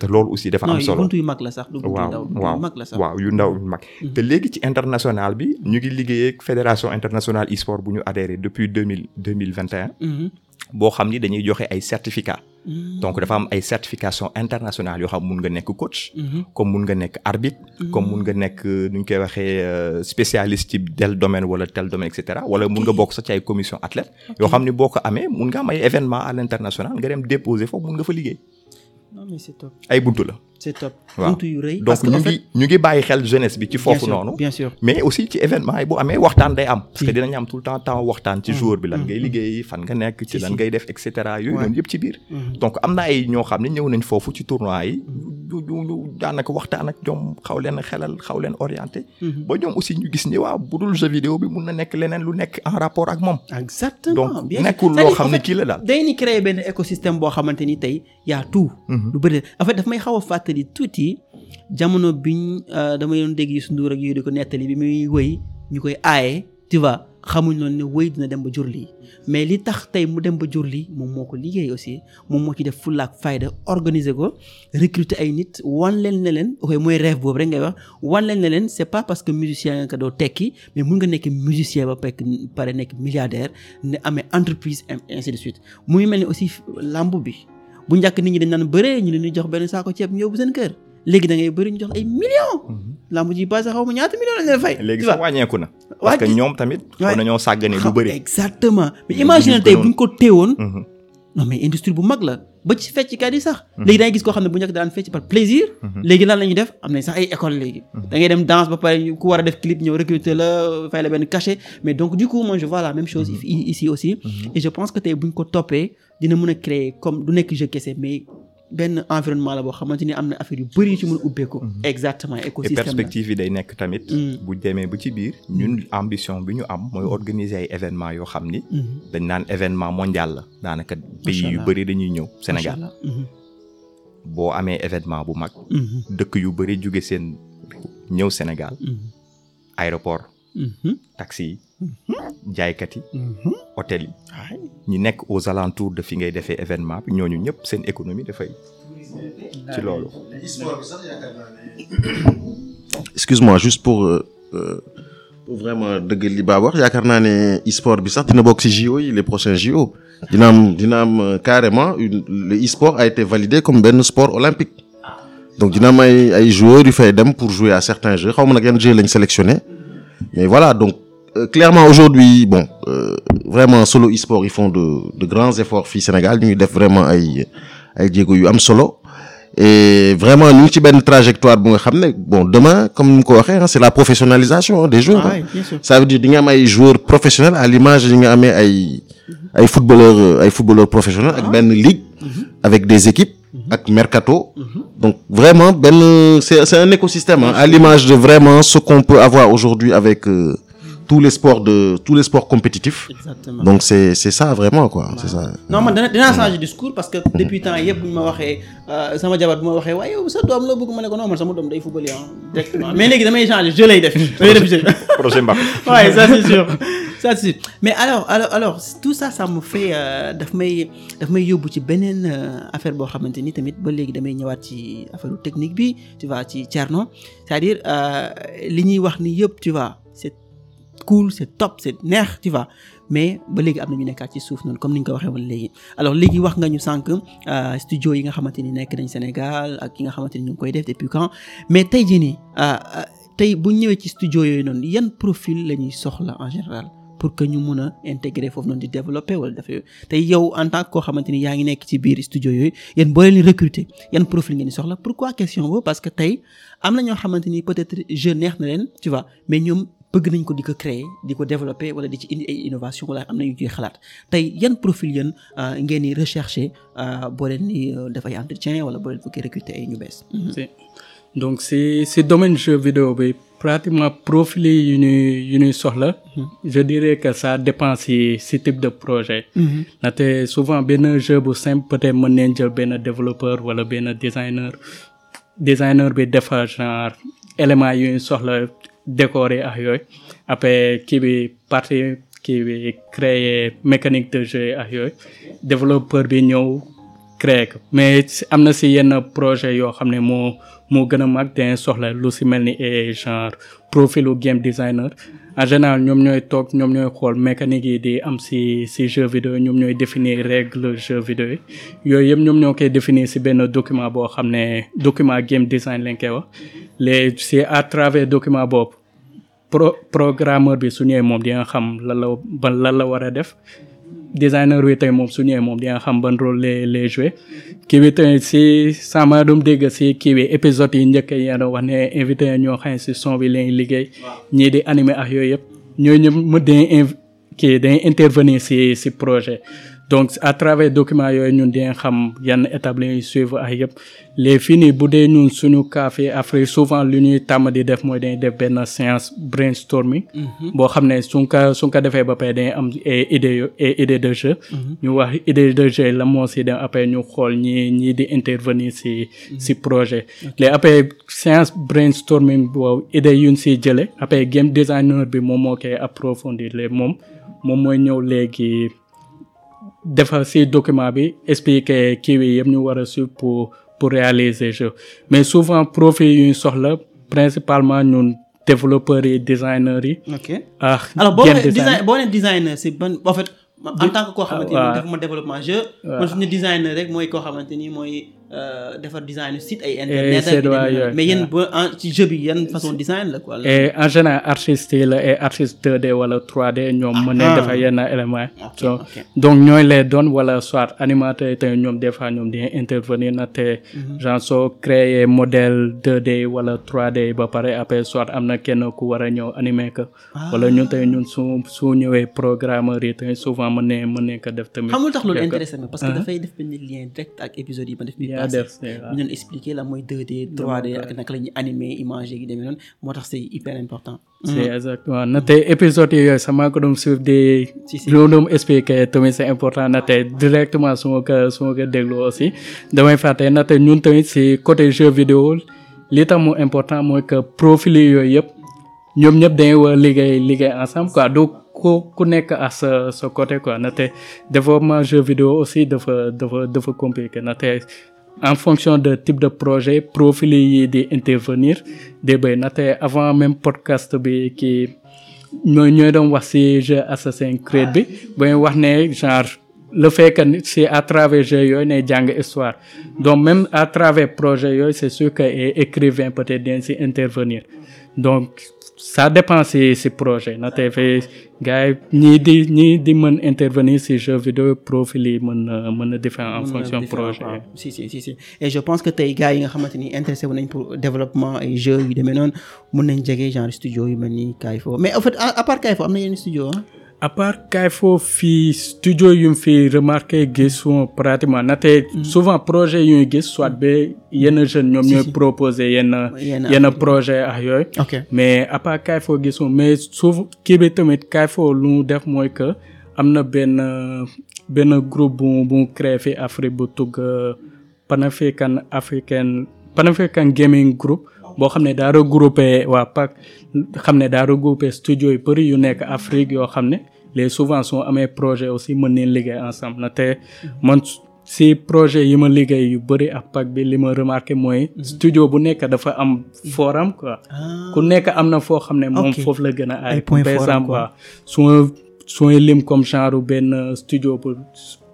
te loolu aussi dafa am solo mag la sax. du buntu yu yu mag la mag. te léegi ci international bi ñu ngi liggéey ak fédération internationale e-sport bu ñu adhéré depuis deux mille deux mille vingt et un boo xam ni dañuy joxe ay certificat mm-hmm. donc dafa am ay certification internationale yoo xam mun nga nekk coach mm-hmm. comme mun nga nekk arbitre mm-hmm. comme mun nga nekk nu ñu koy waxee euh, spécialiste ci tel domaine wala tel domaine et cetera wala mun nga bokk sax ci ay commission athlète yoo xam ni boo ko amee mun nga am ay événement à l' nga dem déposer foofu mun nga fa liggéey ay buntu la c'est top buntu yu rëy. parce que donc ñu ngi ñu ngi bàyyi xel jeunesse bi ci foofu noonu. mais aussi ci événement yi bu amee waxtaan day am. parce que dinañ am tout temps temps waxtaan ci hmm. jour bi lan hmm. ngay hmm. liggéey fan nga nekk ci lan ngay def et cetera yooyu noonu yëpp ci biir. donc am na ay ñoo xam ne ñëw nañ foofu ci tournoi yi. ñu ñu ñu daanaka waxtaan ak ñoom xaw leen xelal xaw leen orienté. ba ñoom aussi ñu gis ni waaw bu budul jeu vidéo bi mun na nekk leneen lu nekk en rapport ak moom. exactement donc nekkul loo xam ne kii la daal. day ni créer benn écosystème boo xamante ni tey y a fàttali tuuti jamono biñ euh, dama doon dégg Youssou Ndour ak yooyu di ko nettali bi muy wëy ñu koy aaye tu vois xamuñ loon ne wëy dina dem ba jur lii mais li tax tey mu dem ba jur lii moom moo ko liggéey aussi moom moo ci def fullaak fayda organiser ko recruter ay nit wan leen ne leen ok mooy rêve boobu rek ngay wax wan leen ne leen c'est pas parce que musicien nga ko mun nga nekk musicien ba pekk pare nekk milliardaire ne amee entreprise ainsi de suite muy mel ni aussi lamb bu njëkk nit ñi dañ naan bëree ñu leen di jox benn saako ceeb ñu yóbbu seen kër léegi da ngay bëri ñu jox la millions. Mhm. lamb ji passé xaw ma ñaata millions lañ leen fay. léegi sax wàññeeku na. parce que ñoom tamit. waay xaw nañoo sàggane lu bëri. exactement mais imagine tey bu ñu ko téewoon. Mhm. non mais industrie bu mag la. ba ci fecckat yi sax léegi dangay gis koo xam ne bu ñu njëkk daan fecc par plaisir mhm. léegi lan la ñuy def am nañ sax ay école léegi mhm. da ngay dem danse ba pare ku war a def clip ñëw recruter la fay la benn cachet mais donc du coup moi je vois la même chose mhm. ici aussi et je pense que tey ñu ko toppee dina mën a créer comme du nekk jeu kese mais benn environnement la boo xamante ni am na affaire yu bëri ci mën ubbee ko. Mhm. exactement écosystème la et perspective day nekk tamit. Mm. bu demee ba ci biir ñun mm. ambition bi ñu am mooy mm. organiser ay événements yoo xam ni. Mm-hmm. dañ naan événement mondial la daanaka pays yu bëri dañuy ñëw Sénégal. Mm-hmm. boo amee événement bu mag. Mm-hmm. dëkk yu bëri jóge seen ñëw Sénégal. aéroport. taxi yi. jaaykat yi. hôtel yi ñi nekk aux alentours de fi ngay defee événement bi ñooñu ñëpp seen économie dafay ci loolu excuse-moi juste pour euh, euh pour dëgg li baa wax yaakaar naa ne e-sport bi sax dina bokk ci JO yi les prochains JO dina am dina am euh, carrément une le e-sport a été validé comme benn sport olympique donc dina am ay ay yu fay dem pour jouer à certains jeux xaw ma nag yan jeux lañ sélectionné mais voilà donc Euh, clairement aujourd'hui bon euh, vraiment solo e i ils de de grands efforts fii Sénégal ñu ngi def vraiment ay ay jéego yu am solo e vraiment ñu ngi ci benn trajectoire bu nga xam ne bon demain comme nu mu ko waxee c'est la professionalisation des joueurs ah, oui, ça veut dire di nga am ay joueurs professionnels à l'image yi nga amee ay ay footballeurs euh, ay footballeurs professionnels ak ah. benn ligue mhm. avec des équipes mhm. ak mercato. Mhm. donc vraiment benn c'est c'est un écosystème à l'image de vraiment ce qu'on peut avoir avec euh, tous les sports de tous les sports compétitifs. Exactement. donc c'est ça vraiment quoi. waaw c'est ça non man parce que. depuis temps yëpp ñu ma waxee euh, sama jabar bu ma waxee waaye sa doom la bëgg ma ne ko sama doom day football ah mais léegi damay changer jeu def. damay [LAUGHS] def may daf ci beneen euh, affaire boo xamante ni tamit ba léegi damay ñëwaat ci affaire technique bi tu vois ci Thierno c'est-à-dire euh, li ñuy wax ni yëpp tu vois cool c'est top c'est neex tu vois mais ba léegi am na ñu nekkaat ci suuf noonu comme ni ñu ko waxee woon léegi alors léegi wax nga ñu sànq euh, studio yi nga xamante ni nekk nañ Sénégal ak yi nga xamante ni ñu ngi koy def depuis quand mais tey jii euh, euh, tey bu ñëwee ci studio yooyu noonu yan profil la ñuy soxla en général pour que ñu mun a intégrer foofu noonu di développer wala def yooyu tey yow en tant que koo xamante ni yaa ngi nekk ci biir studio yooyu yéen boo leen recruter yan profil ngeen am na ni peut-être jeune neex na leen bëgg nañ ko di ko créer di ko développer wala di ci indi ay innovation wala am nañu ciy xalaat tey yan profil yéen euh, ngeen di rechercher euh, boo leen di euh, def ay entretien wala boo leen bëggee recruter ay ñu bees. donc si si domaine jeu vidéo bi pratiquement profil yu ñuy yu ñuy soxla. Mhm. je dirais que ça dépend si si type de projet. Mhm. ndaxte souvent benn jeu bu simple peut-être mën nañ jël benn développeur wala benn designer bi defar genre éléments yu ñu soxla. yi ak yooyu après kii bi parti kii bi créer mécanique de jeu ak yooyu développeur bi ñëw créer ko mais am na si yenn projet yoo xam ne moo moo gën a mag dañ soxla lu si mel ni genre profilu game designer en général ñoom ñooy toog ñoom ñooy xool mécanique yi di am si si jeu vidéo ñoom ñooy définir règle jeu vidéo yi yooyu yëpp ñoom ñoo koy définir si benn document boo xam ne document game design lañ koy wax léegi c'est à travers document boobu pro programmeur bi su moom di nga xam lan la ban lan la war a def designer bi tey moom su moom di nga xam ban rôle les les jouer kii bi tey si sama doom dégg si kii bi épisode yi njëkk yi yéen wax ne invité ñoo xam si son bi lañ liggéey. ñii di animé ak yooyu yëpp ñooñu ñëpp mu dañ kii dañ intervenir si si projet. donc à travers documents yooyu ñun di xam yan étapes la ñuy suivre ak yëpp léegi fii bu dee ñun suñu café après souvent lu ñuy tàmm di def mooy dañuy def benn séance brainstorming. Mhm. boo xam ne suñ ko suñ ko defee ba pare dañuy am ay idées ay idées de jeu. Mhm. ñu wax idée de jeu la moo si dem après ñu xool ñii ñii di intervenir si mhm. si projet. léegi après séance brainstorming boobu idée yu ñu siy jëlee après game designer bi moom moo koy approfondir léegi moom moom mooy ñëw léegi. defar si document bi expliquer kii wi yëpp ñu war a suivre pour pour réaliser mais souvent profil yu ñu soxla principalement ñun développeurs yi designers yi. ok ah, alors boo nee design boo bon en fait. tant que koo xamante def ah, ma ah. développement jeu. waaw man suñu rek mooy koo xamante ni mooy. Euh, defar design site ay internet mais yéen ba en ci jeu bi yan façon design la quoi. la et artiste 2 wala 3D ñoom mën nañ ah. defar yenn élément donc ñooy lay doon wala soit animateur ñoom des fois ñoom di intervenir na te mhm. genre soo créer modèle 2 wala 3D ba pare après soit am na kenn ku war a ñëw animer ko ah. wala ñun tey ñun su su ñëwee programmeur yi tey souvent mën ne mën nañ ko def tamit. xamul tax loolu intéressé na parce que ah. dafay def benn lien direct ak épisode yi ma def a def ñu doon expliquer la mooy 2D 3D ak naka la ñuy animer image yi demee noonu moo tax c'est hyper mm. na tey épisode yooyu sama ko doon suivre di loo doon expliquer tamit c'est important na tey directement su ma déglu aussi damay fàtte na li tax mu important mooy que profil yooyu yëpp ñoom ñëpp dañuy war liggéey liggéey ensemble quoi donc ku nekk à sa sa côté na te développement jeu vidéo aussi dafa dafa dafa compliqué na te en fonction de type de projet profil yi di intervenir di béy avant même podcast bi kii ñooy ñooy doon wax si jeu Assassin's Creed bi ba wax ne genre le fait que c'est à travers jeu yooyu ne jàng histoire donc même à travers projet yooyu c'est sûr que écrivain peut-être dañ intervenir donc ça dépend si si projet na tey fee gars ñii di ñii di mën intervenir si jeu vidéo profil yi mën na mën na différent en fonction projet si si si et je pense que tey gars yi nga xamante ni intéressé wu nañ pour développement ay jeu yu demee noonu mën nañ jege genre studio yu mel ni Kayfo mais en fait à part am na yenn studio à part Kayfo fii studio yu mu fi remarqué gis pratiquement na te mm. souvent projet yu ñuy gis soit ba yenn jeunes ñoom ñooy proposé yenn yenn projet ak yooyu mais à part Kayfo gis mais souvent kii bi tamit Kayfo lu mu def mooy que am na benn benn group bu bu mu créé fi Afrique bu tugg euh, Pan-African African african pan Gaming Group boo xam ne daa regroupé waa PAK ne daa regroupé studio yu yu nekk Afrique yoo xam ne les souvent soo amee projet aussi mën nañ liggéey ensemble na te man si projet yi ma liggéey yu bëri ak PAK bi li ma remarqué mooy mhm. studio bu nekk dafa am forum quoi ah. ku nekk am na foo xam ne moom foofu la gën a ay par exemple waa su su may lim comme genre benn studio bu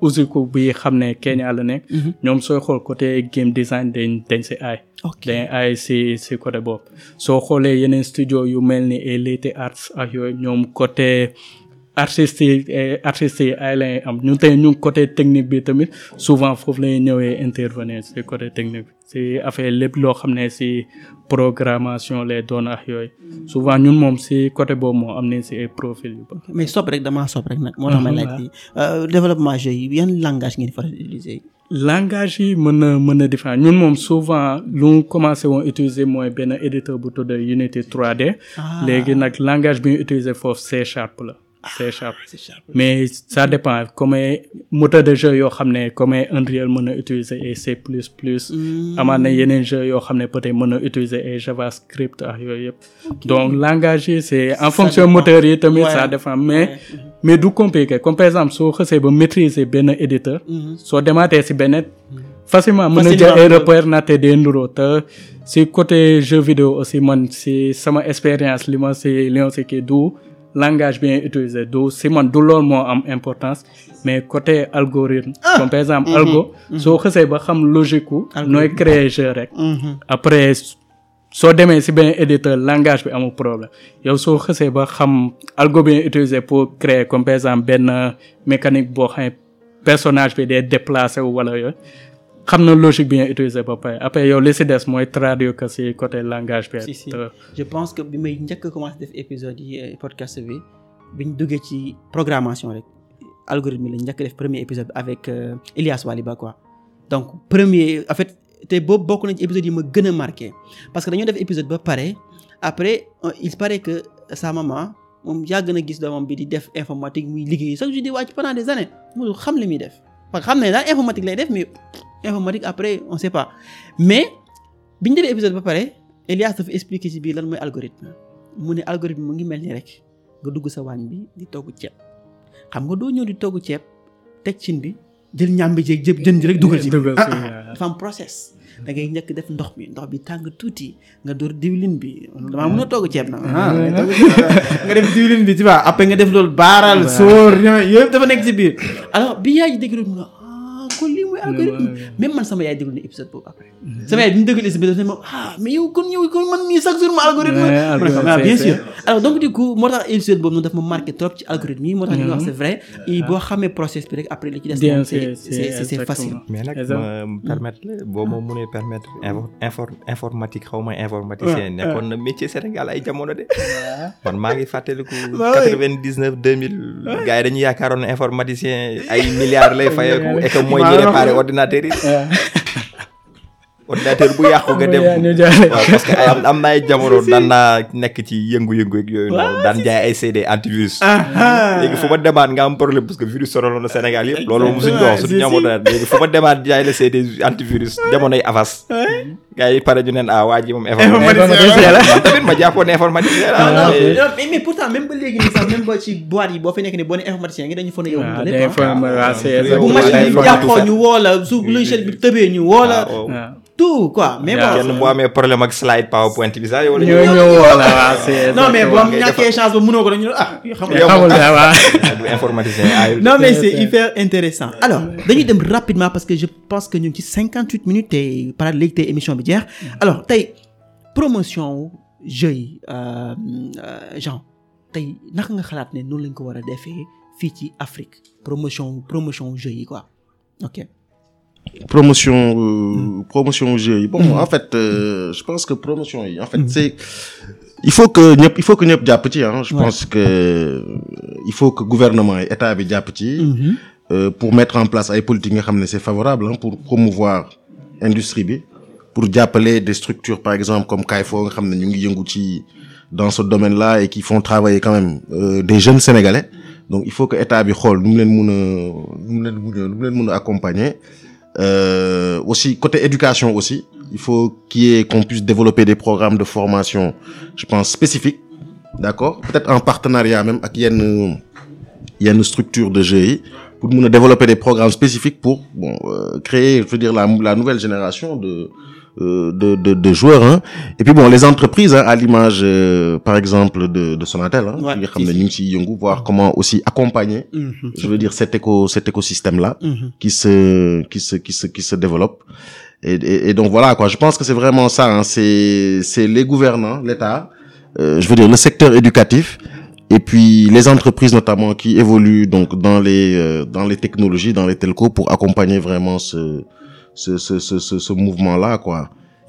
usiku bi xam ne Kenya la nekk mhm. ñoom sooy xool côté game design dañ dañ si aay dañ ay si si côté bopp soo xoolee yeneen studio yu mel ni et Leyte Arts ak yooyu ñoom côté artistes yi eh, artistes ay lañuy am ñu tey ñu côté technique bi tamit souvent foofu lañuy ñëwee intervenir si côté technique bi si affaire lépp loo xam ne si programmation lay doon ak yooyu souvent ñun moom si côté boobu moo am nañ si e profil yu baax mais sob rek damaa sob rek nag moo tax ma laaj bi [LAUGHS] euh, développement jeu yi yan langage ngeen faral di langage yi mën na mën na différent ñun moom souvent lu commencé woon utiliser mooy benn éditeur bu tudd Unity 3D. Ah. léegi nag langage bi ñu utiliser foofu C sharp la. Ah, C sharp mais ça dépend comme moteur de jeu yoo xam ne comme Unreal mën na utiliser e C plus plus. Hmm. amaat na yeneen jeu yoo xam ne peut-être mën na utiliser ay JavaScript ak yooyu yëpp. donc langage yi en fonction moteur yi tamit ça dépend mais. mais du compliqué comme par exemple soo xësee ba maîtriser benn éditeur. Mhm. soo demaatee si benn. Mhm. facilement mën na jël ay repères natte day nuroo te si côté jeu vidéo aussi man si sama expérience li si li ma si kii du langage bien utilisé du si man du loolu moo am importance mais côté algorithme. Ah. comme par exemple mhm. algo. soo xësee ba xam logique ku. nooy créer jeu rek. soo demee si benn éditeur langage bi amul problème yow soo xësee ba xam algo bi utiliser pour créer comme benn mécanique boo xam personnage bi day déplacé wu wala yooyu xam na logique bi nga utiliser ba pare après yow li si des mooy traduire ko si côté langage bi. si si euh, que bi may njëkk commencé def épisode yi euh, podcast bi biñ duggee ci programmation rek algorithme la njëkk def premier épisode avec euh, Elias Waliba quoi donc premier en te boobu bokk na ci épisode yi ma gën a marqué parce que dañoo def épisode ba pare après euh, il paraît que sa maman moom yàgg na gis doomam bi di def informatique muy liggéey chaque jour di wàcc pendant des années mu xam li muy def pare que xam ne daal informatique lay def mais informatique après on sait pas mais bi ñu defee épisode ba pare Elias dafa expliqué ci biir lan mooy algorithme mu ne algorithme mu ngi mel ni rek nga dugg sa waañ bi di togg ceeb xam nga doo ñëw di togg ceeb teg bi. jël ñàmbi jeeg jëpp jën ji rek dugal ci ah, ah. dafa am process da ngay njëkk def ndox bi ndox bi tàng tuuti nga door diwlin bi damaa mën a togg ceeb na ah, nga def diwlin bi tu vois après nga def loolu baaral sóor yooyu yëpp dafa nekk ci biir alors bi yaay ji dégg loolu kon lii mooy algorithme même man sama yaay déglu na épisode boobu après sama yaay bi ñu déglu épisode bi daf ne ma ah yow kon man mii chaque jour ma algorithme ma ah, bien sûr alors donc du coup moo tax épisode boobu ma marqué trop ci algorithme yi mhm. i boo xamee process bi rek après li [LAUGHS] dañuy yaakaaroon informaticien ay milliards lay fayeeku et mooy ñu réparé ordinateur yi. ordinateur bu yàqu nga dem parce que am am ay jamono daan naa nekk ci yëngu-yëngu ak yooyu noonu daan jaay ay CD antivirus léegi fu ma demaat nga am problème parce que virus sonaloon na Sénégal yëpp loolu moom suñ ko wax suñu ñamoo dara léegi fu ma demaat jaay la yi pare ñu neen ah waa ji moom informaticien la ma jàppoon informaticien la ci boîte yi boo fi nekk nii boo ne informaticien ngi dañu fa ah, na ah. ah, yow bu machine ñu woo tëbee ñu woo tout quoi. mais bon kenn bu amee problème ak slide powerpoint bi sax yow. ñoo ñëw voilà [LAUGHS] non mais boo ñàkkee chance ba mënoo ko dañu ah. xamul waaw informaticien non mais c'est hyper intéressant alors dañuy dem rapidement parce que je pense que ñu ngi ci cinquante huit minutes te par léegi tey émission bi jeex mm. alors tey promotion wu jeu yi Jean euh, euh, tey naka nga xalaat ne noonu lañ ko war a defee fii ci Afrique promotion promotion jeu yi quoi ok. promotion euh, promotion bon en fait euh, je pense que promotion yi en fait mm. c'est il faut que ñëpp il faut ñëpp jàpp ci ah je ouais. Euh, il faut que gouvernement yi état bi jàpp ci mm-hmm. euh, pour mettre en place ay politique nga xam ne c'est favorable pour promouvoir industrie bi pour jàppale des structures par exemple comme Kayfo nga xam ne ñu ngi yëngu ci dans ce domaine la et qui font travailler quand même euh, des jeunes sénégalais donc il faut que état bi xool nu mu leen mun leen mun a nu leen mun a accompagner Euh, aussi côté éducation aussi, il faut qu'il qu'on puisse développer des programmes de formation, je pense spécifiques, d'accord. Peut-être en partenariat même avec yenn yenn structure de GIE pour mën a développer des programmes spécifiques pour bon euh, créer je la nouvelle génération de Euh, de, de, de joueurs. Hein. Et puis bon, les entreprises, hein, à l'image, euh, par exemple, de, de Sonatel, hein, ouais, qui, voir comment aussi accompagner, mm -hmm. je veux dire, cet éco, cet écosystème-là mm -hmm. qui se, qui se, qui se, qui se développe. Et, et, et donc voilà quoi. Je pense que c'est vraiment ça. Hein. C'est, c'est les gouvernants, l'État, euh, je veux dire le secteur éducatif et puis les entreprises notamment qui évoluent donc dans les euh, dans les technologies, dans les telcos pour accompagner vraiment ce ce ce ce ce mouvement là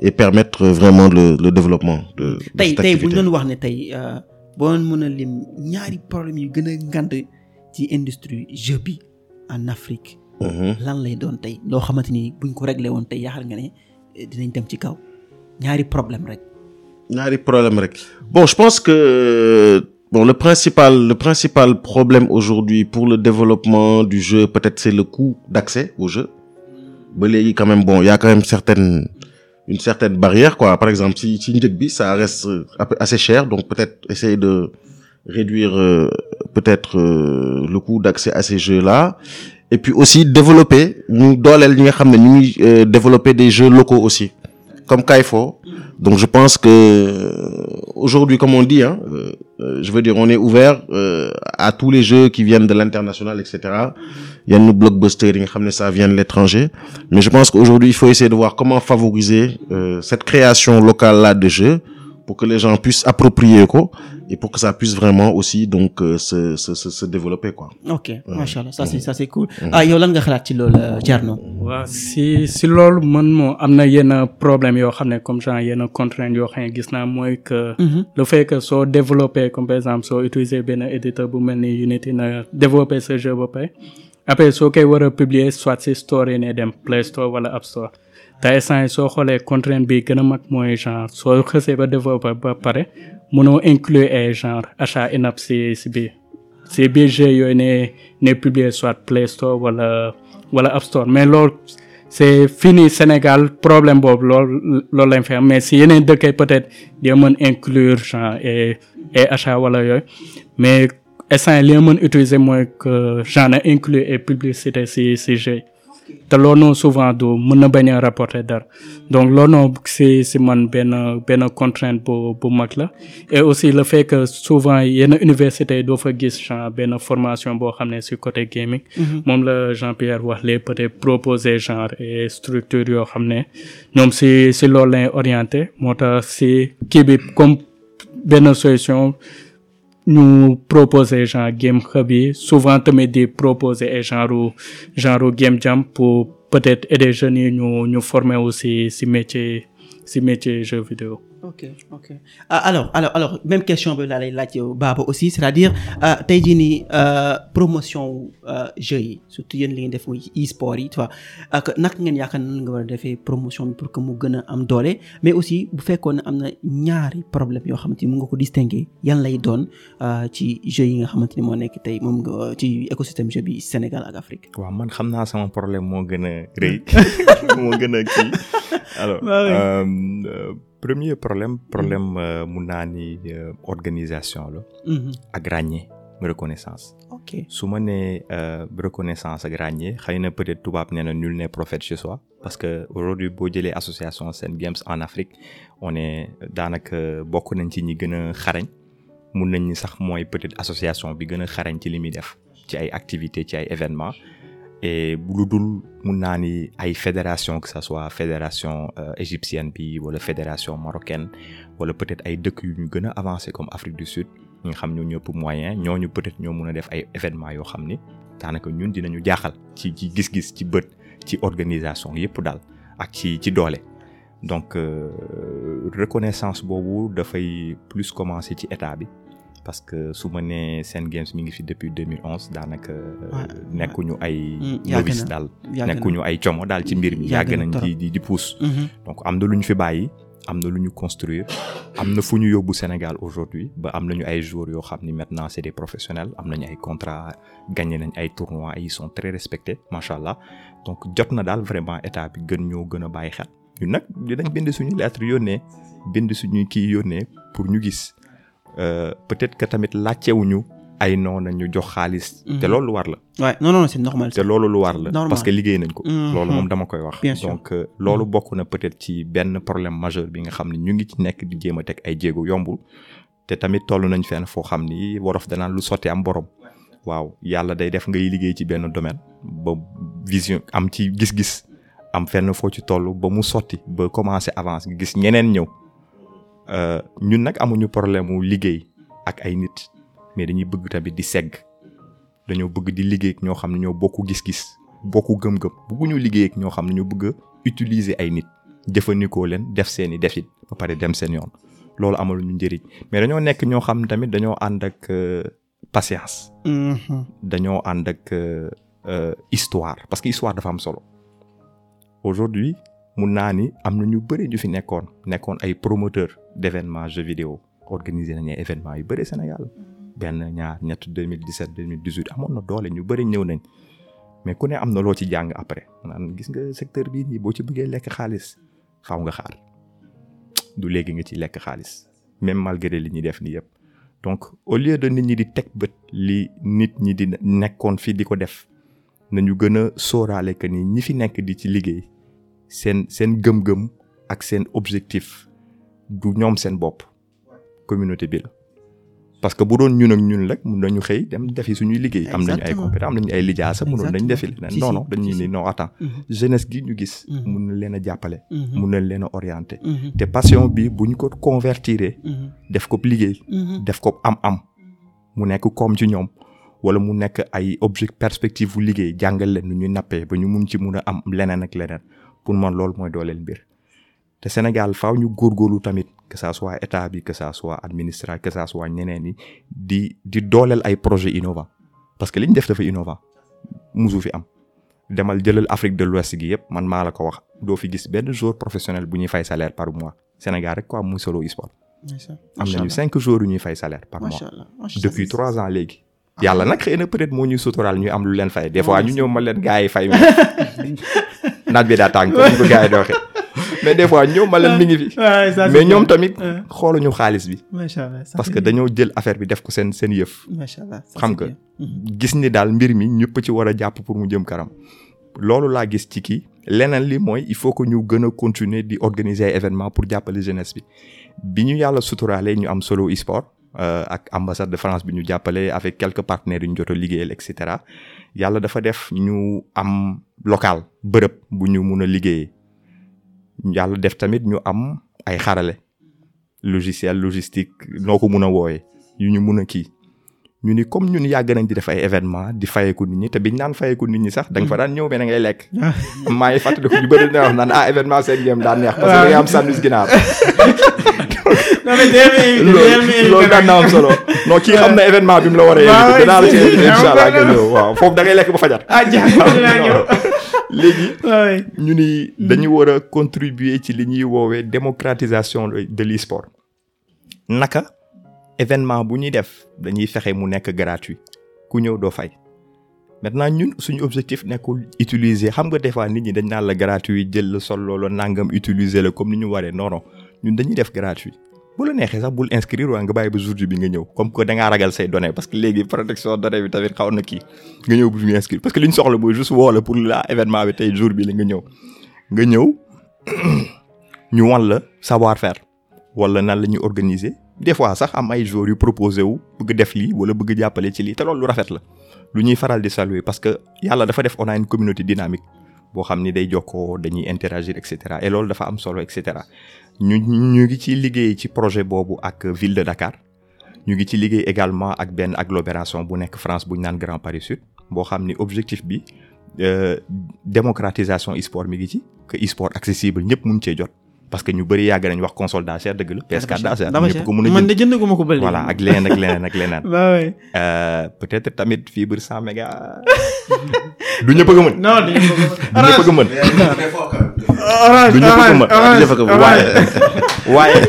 et permettre le le développement de. tey tey bu ñu doon wax ne tey euh, boo doon a lim ñaari problème yu gën a ngand ci industrie jeu bi en Afrique. Mhm. lan lay doon tey loo xamante ni buñ ko réglé woon tey yaakaar nga ne eh, dinañ dem ci kaw ñaari problème rek. ñaari problème rek bon je pense que. Euh, le principal, le principal problème aujourd'hui pour le développement du jeu, peut-être, c'est le coût d'accès au jeu. ba léegi quand bon y a quand même certaine une certaine barrière par exemple si si njëg bi ça reste assez cher donc peut-être essayer de réduire euh, peut-être euh, le coût d'accès à ces jeux-là et puis aussi développer ñu dooleel ñi nga xam ne ñu ngi euh, développer des jeux locaux aussi comme Kaifo. Donc je pense que euh, aujourd'hui, comme on dit, hein, euh, euh, je veux dire, on est ouvert euh, à tous les jeux qui viennent de l'international, etc. Il y a nos blockbusters, ça vient de l'étranger. Mais je pense qu'aujourd'hui, il faut essayer de voir comment favoriser euh, cette création locale-là de jeux pour que les gens puissent approprier quoi et pour que ça puisse vraiment aussi donc euh, se se se, se développer quoi. ok macha allah ça c'est mm. mm. ah yow lan nga xalaat ci loolu euh, si si man moo am na yenn problème yoo xam ne comme genre yenn contraintes yoo xam ne gis na mooy que. Mhm. le fait que soo développé comme par exemple soo utiliser benn éditeur bu mel ni Unity na développer ce jeu ba après soo koy war a publier soit si store yi ne dem Play Store wala App Store. te instant soo xoolee contrainte bi gën a mag mooy genre soo xësee ba développé ba pare mënoo inclure ay genre achat in-app si si biir si biir jeu yooyu ne ne soit Play Store wala wala App Store mais loolu c'est fini Sénégal problème boobu loolu loolu lañ mais si yeneen dëkk yi peut-être di mën inclure genre e et achat wala yooyu mais instant yi li mën utiliser mooy que genre inclure et publicité si si te loo loolu souvent du mën na bañ a rapporter dara donc loolu si si man benn benn contrainte bu bu mag la et aussi le fekk que souvent yenn université doo fa gis genre benn formation boo xam ne si côté gaming mhm. moom la Jean-Pierre wax léegi peut proposer genre et structure yoo xam ne ñoom si si loolu orienté moo tax si kii bi comme benn solution ñu proposer genre game hub yi souvent tamit di proposer ay genre genre game jam pour peut-être aider jeunes yi ñu ñu former aussi si métier si métier jeu vidéo ok ok euh, alors alors alors même question bi laa lay laaj Baba aussi c'est-à-dire euh, tey jii euh, promotion wu yi surtout yéen li ngeen def muy yi tu vois ak naka ngeen yaakaar nan nga war a defee promotion bi pour que mu gën a am doole mais aussi bu fekkoon ne am na ñaari problème yoo xamante ni mu nga ko distinguer yan lay doon ci jeux yi nga xamante ni moo nekk tey moom nga ci écosystème jeu bi Sénégal ak Afrique. waaw man xam naa sama problème moo gën a rëy [LAUGHS] moo gën a kii premier problème problème mm-hmm. euh, mu naa ni euh, organisation la. Mm-hmm. ak ràññee reconnaissance. ok su ma nee euh, reconnaissance ak ràññee xëy na peut-être tubaab nee na nul ne prophète chez soi parce que aujourd'hui boo jëlee association Sen Games en Afrique on est daanaka bokk nañ ci ñi gën a xarañ mun nañ ni sax mooy peut-être association bi gën a xarañ ci li muy def ci ay activités ci ay événements. et lu dul mun naa ni ay fédération que ça soit fédération euh, égyptienne bi wala fédération marocaine wala peut-être ay dëkk yu ñu gën a avancé comme Afrique du Sud ñi xam ñu ñëpp moyen ñooñu peut-être ñoo mun a def ay événements yoo xam ni daanaka ñun dinañu jaaxal ci ci gis-gis ci bët ci organisation yëpp daal ak ci ci doole donc euh, reconnaissance boobu dafay plus commencer ci état bi parce que su ma nee Sen Games mi ngi fi depuis 2011 daanaka. Euh, ñu ay. Mm, novice daal nekkuñu ay como daal ci mbir mi. yàgg nañ di di di pousse. Mm-hmm. donc am na lu ñu fi bàyyi. am na lu ñu construire am na fu ñu yóbbu Sénégal aujourd'hui ba am nañu ay joueurs yoo xam ni maintenant c'est des professionnels am nañu ay contrat gagné nañ ay tournois ils sont très respectés macha allah donc jot na daal vraiment état bi gën ñoo gën a bàyyi xel ñun nag dinañ bind suñu lettre yónnee bind suñu kii yónnee pour ñu gis. Euh, peut-être que tamit laajtewuñu ay noona ñu jox xaalis. Mhm. te loolu lu war la. waaw non non c'est normal. te loolu lu parce que liggéey nañ ko. Mhm. loolu moom dama koy wax. bien sûr donc euh, loolu mhm. bokk na peut-être ci benn problème majeur bi nga xam ne ñu ngi ci nekk di jéem teg ay jéego yombul. te tamit toll nañ fenn foo xam ni worof danaan lu sotti am borom. waaw yàlla day def ngay liggéey ci benn domaine ba vision am ci gis-gis am fenn foo ci tollu ba mu sotti ba commencer avance nga gis ñeneen ñëw. Euh, ñun nag amuñu problème mu liggéey ak ay nit mais dañuy bëgg tamit di segg dañoo bëgg di liggéey ak ñoo xam ne ñoo bokku gis-gis bokku gëm-gëm bëgguñu liggéey ak ñoo xam ne ñoo bëgg utiliser ay nit jëfandikoo leen def seen i defit ba pare dem seen yoon loolu amalu ñu njëriñ mais dañoo nekk ñoo xam ne tamit dañoo ànd ak euh, passiance mm-hmm. dañoo ànd ak euh, histoire parce que histoire dafa am solo mun naa ni am na ñu bëri ñu fi nekkoon nekkoon ay promoteur dévénement événement jeux vidéo organiser nañu ay événement yu bëri Sénégal benn ñaar ñett 2017 2018 amoon na doole ñu bëri ñëw nañ mais ku ne am na loo ci jàng après naan gis nga secteur bii nii boo ci bëggee lekk xaalis xaw nga xaar du léegi nga ci lekk xaalis même malgré li ñuy def nii yëpp donc au lieu de nit ñi di teg bët li nit ñi di nekkoon fii di ko def nañu gën a sóoraale que ni ñi fi nekk di ci liggéey seen seen gëm-gëm ak seen objectif du ñoom seen bopp communauté bi parce que bu doon ñun ak ñun rek mun nañu xëy dem defi suñuy liggéey am nañu ay compétence am nañu ay lijaasa mënoon nañu defi leneen non non dañuy ni non attends mm-hmm. jeunesse gi ñu gis mm-hmm. mun na leen a jàppale mm-hmm. mun na leen a orienté te passion bi bu ñu ko convertiré def ko liggéey def ko am-am mu nekk koom ci ñoom wala mu nekk ay objet perspective bu liggéey jàngal leen nu ñuy nappee ba ñu mun ci mun a am leneen ak leneen pour man loolu mooy dooleel mbir te Sénégal faaw ñu góorgóorlu tamit que ça soit état bi que ça soit administration que ça soit ñeneen yi di di dooleel ay projet innovant parce que li ñu def te dafa innovant musu fi am demal jëlal Afrique de l'Ouest gi yëpp man maa la ko wax doo fi gis benn joueur professionnel bu ñuy fay salaire par mois Sénégal rek quoi muy solo sport am nañu cinq jours yu ñuy fay salaire par mois depuis trois ans léegi yàlla nag xëy na peut ñu am lu leen fay des fois ñu ñëw ma leen gars yi fay [LAUGHS] naaj bi daa tàng ko ñu ko gars yi mais des fois ñoom ma leen mi fi mais ñoom tamit xooluñu xaalis bi macha allah que dañoo jël affaire bi def ko seen seen yëf macha allah xam nga mhm. gis ni daal mbir mi ñëpp ci war a jàpp pour mu jëm kanam loolu laa gis ci ki leneen li mooy il faut que ñu gën a continuer di organiser événement pour jàppale jeunesse bi bi ñu yàlla suturaalee ñu am solo sport Euh, ak ambassade de France bi ñu jàppale avec quelques partenaires yu ñu jot a liggéeyal cetera yàlla dafa def ñu am local bërëb bu ñu mun a liggéeyee yàlla def tamit ñu am ay xarale logiciel logistique noo ko mun a wooyee yu ñu mun a kii ñu ni comme ñun yàgg nañ di def ay événement di fayeeku nit ñi te biñ naan fayeeku nit ñi sax da nga fa daan ñëw mais da lekk [LAUGHS] maa ngi fàttaliku ñu bëri na wax naan ah événement seen yem daan neex parce que da ngay am sandwich [LAUGHS] non mais DMV bi am solo non kii xam na événement bi mu la war a invité waaw foofu da lekk ba ah, [LAUGHS] léegi ñu ni hmm. dañu war a contribuer ci li ñuy woowee démocratisation de l'e-sport naka bu ñuy def dañuy fexe mu nekk gratuit ku ñëw doo fay maintenant ñun suñu objectif nekkul utiliser xam nga des fois nit ñi dañ naan la gratuit jël la sol loolu nangam utiliser la comme ni ñu waree non ñun dañuy def gratuit bu la neexee sax bul inscrire waa nga bàyyi ba jour bi nga ñëw comme que da ngaa ragal say données parce que léegi protection données bi tamit xaw na kii nga ñëw bu ñu inscrire parce que li ñu soxla mooy juste woo pour la événement bi tey jour bi la nga ñëw nga ñëw [CLEARS THROAT] ñu wan la savoir faire wala nan la ñuy organiser des fois sax am ay jours yu proposé wu bëgg def lii wala bëgg jàppale ci lii te loolu lu rafet la lu ñuy faral di saluer parce que yàlla dafa def on a une boo xam ni day jokkoo dañuy interagir et cetera loolu dafa am solo et cetera ñu ñu ngi ci liggéey ci projet boobu ak ville de Dakar ñu ngi ci liggéey également ak benn agglomération bu nekk France bu ñu naan Grand Paris Sud boo xam ni objectif bi euh, démocratisation e-sport mi ngi ci que e-sport accessible ñëpp mun cee jot. parce que ñu bëri yàgg nañ wax console daa cher dëgg la. PS4 daa cher ñëpp ko mën a man de jënd ko peut-être tamit fii 100 méga. du ñëpp a ko mën. non orange du ñëpp ko mën du ñëpp ko waaye. waaye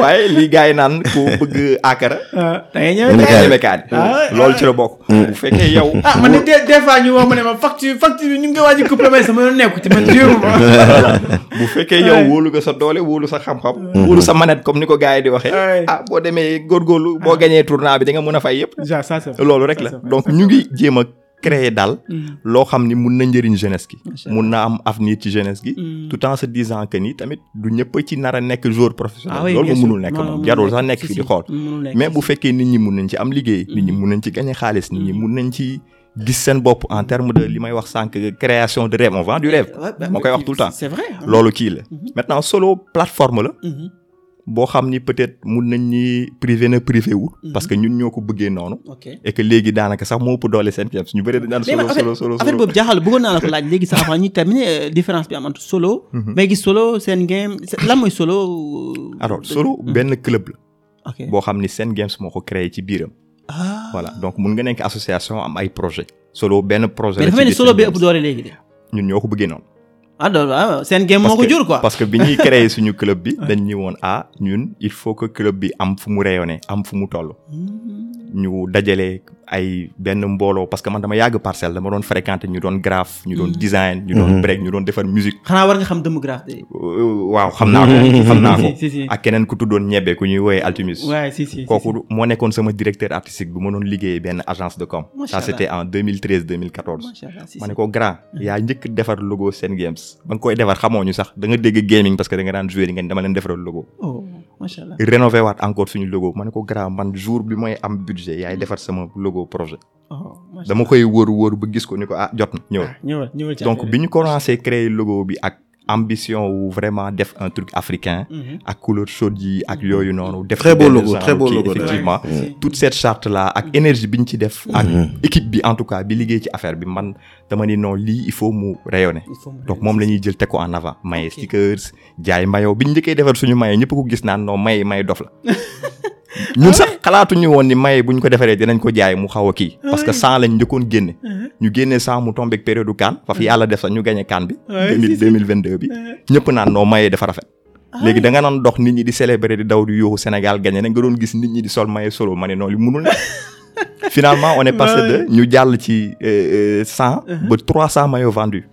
waaye li gars yi naan ku bëgg akara. Ah, da ngay ñeme ah, ah. loolu ci la bokk. Mm. bu fekkee yow. [LAUGHS] ah man de des ñu wax ma ne ma facture facture bi ñu ngi koy waaj a couplé sama nekku ci man [LAUGHS] bu fekkee yow wóolu nga sa doole wóolu sa xam-xam. Mm. wóolu sa manette comme ni ko gars yi di waxee. ah boo demee góorgóorlu boo gañee tournoi bi di nga mën a fay yëpp. loolu rek la donc ñu ngi jéem créer daal mm. loo xam ni mun na njëriñ jeunesse ki mun na am avenir ci jeunesse gi mm. tout en se disant que ni tamit du ñëpp ci nara nekk joueur professionnel ah loolu mu munul nekk moom jarul sax nekk fi di xool mais bu fekkee nit ñi mun nañ ci am liggéey nit ñi mm. mun nañ ci gagner xaalis nit ñi mun nañ ci gis seen bopp en terme de li may wax sànq création de rêve on du rêve moo koy wax tout le temps c'est loolu kii la mm-hmm. maintenant solo plateforme la mm-hmm. boo xam ni peut-être mun nañ ñi privé na privé wul. Mhm. parce que ñun ñoo ko bëggee noonu. et que léegi daanaka sax moo ëpp doole seen kii suñu bëree dañu solo solo solo affaire boobu jaaxal bëggoon naa la ko laaj léegi sax avant ñuy terminer euh, différence bi am entre solo. Mhm. may gis solo seen game lan mooy solo. alors solo mhm. benn club la. boo xam ni seen games moo ko créé ci biiram. Ah. voilà donc mun nga nekk association am ay projet solo benn projet mais dafa mel solo bi ëpp doole léegi de. ñun ñoo ko bëggee noonu. ah loolu ah, seen game moo ko jur quoi. parce que bi ñuy créer [LAUGHS] suñu club bi dañ ñu woon ah ñun il faut que club bi am fu mu rayonné am fu mu toll. Mm-hmm. ñu dajale ay benn mbooloo parce que man dama yàgg parcelle dama doon fréquenter ñu doon graphe ñu doon mm. design ñu doon mm-hmm. break ñu doon defar musique xanaa war nga xam dëmm graphe euh, waaw xam naa ko mm-hmm. xam [LAUGHS] keneen ku tuddoon ñebe ku ñuy wooyee Altimus kooku moo nekkoon sama directeur artistique bu ma doon liggéeyee benn agence de com ça c'était en 2013 2014 ma ne ko grand mm. yaa njëkk defar logo Sen Games ba nga koy defar xamoo ñu sax da nga dégg gaming parce que da nga daan jouer yi nga macha allah rénové waat encore logo ma ne ko grand man jour bi mooy am budget yaay mm. defar sama logo projet. Oh, dama koy wóor wóor ba gis ko ni ko ah jot na ñëwal. Ah, donc bi ñu commencé créer logo bi ambition wu vraiment def un truc africain. Mhm. ak couleur chaude yi ak mhm. yooyu noonu. def très beau logo très beau logo effectivement. cette charte là ak mhm. énergie bi ñu ci def. ak équipe bi en tout cas bi liggéey ci affaire bi man dama ni non lii il faut mu rayonner. donc moom la ñuy jël teg ko en avant. maye stickers jaay mayoo bi ñu njëkkee defar suñu mayo ñëpp ko gis naan non may may dof la. [LAUGHS] ñun ah sax xalaatuñu woon ni maye bu ko defaree dinañ ko jaay mu xaw a kii. Ah parce que 100 lañ njëkkoon génne. Ah ñu génne 100 mu tombé période kaan. faf yàlla def sax ñu gagné kaan bi. oui 2022 bi. ñëpp naan noo maye dafa rafet. léegi danga nga naan dox nit ñi di célébrer di daw di yooxu Sénégal gagné na nga doon gis nit ñi di sol maye solo ma ne noonu li munul ne. [LAUGHS] finalement on est de ñu jàll ci 100. Euh, euh, uh-huh. ba 300 maillots vendus.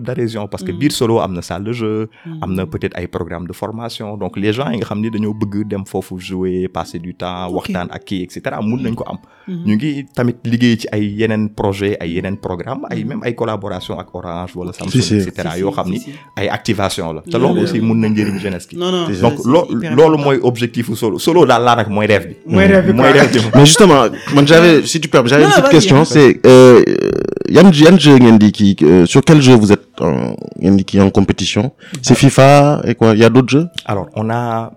da d'adhésion parce que mm. biir Soro am na salle de jeu mm. am na peut-être ay programme de formation donc les gens yi nga xam ni dañoo bëgg dem foofu jouer passer du temps waxtaan ak kii et cetera mun nañ ko am mm-hmm. ñu ngi tamit liggéey ci ay yeneen projet ay yeneen programme ay mm-hmm. même ay collaboration ak Orange wala Samsung et cetera yoo xam ni ay activation la te loolu aussi mun na njëriñ jeunesse bi mooy objectif Solo Solo laa nag mooy rêve bi mooy rêve bi mais justement man j'avais si tu peux yan yan jeu ngeen di kii euh, sur quel jeu vous êtes en ngeen di kii en compétition. c'est FIFA et quoi il y a d'autres jeux. alors on a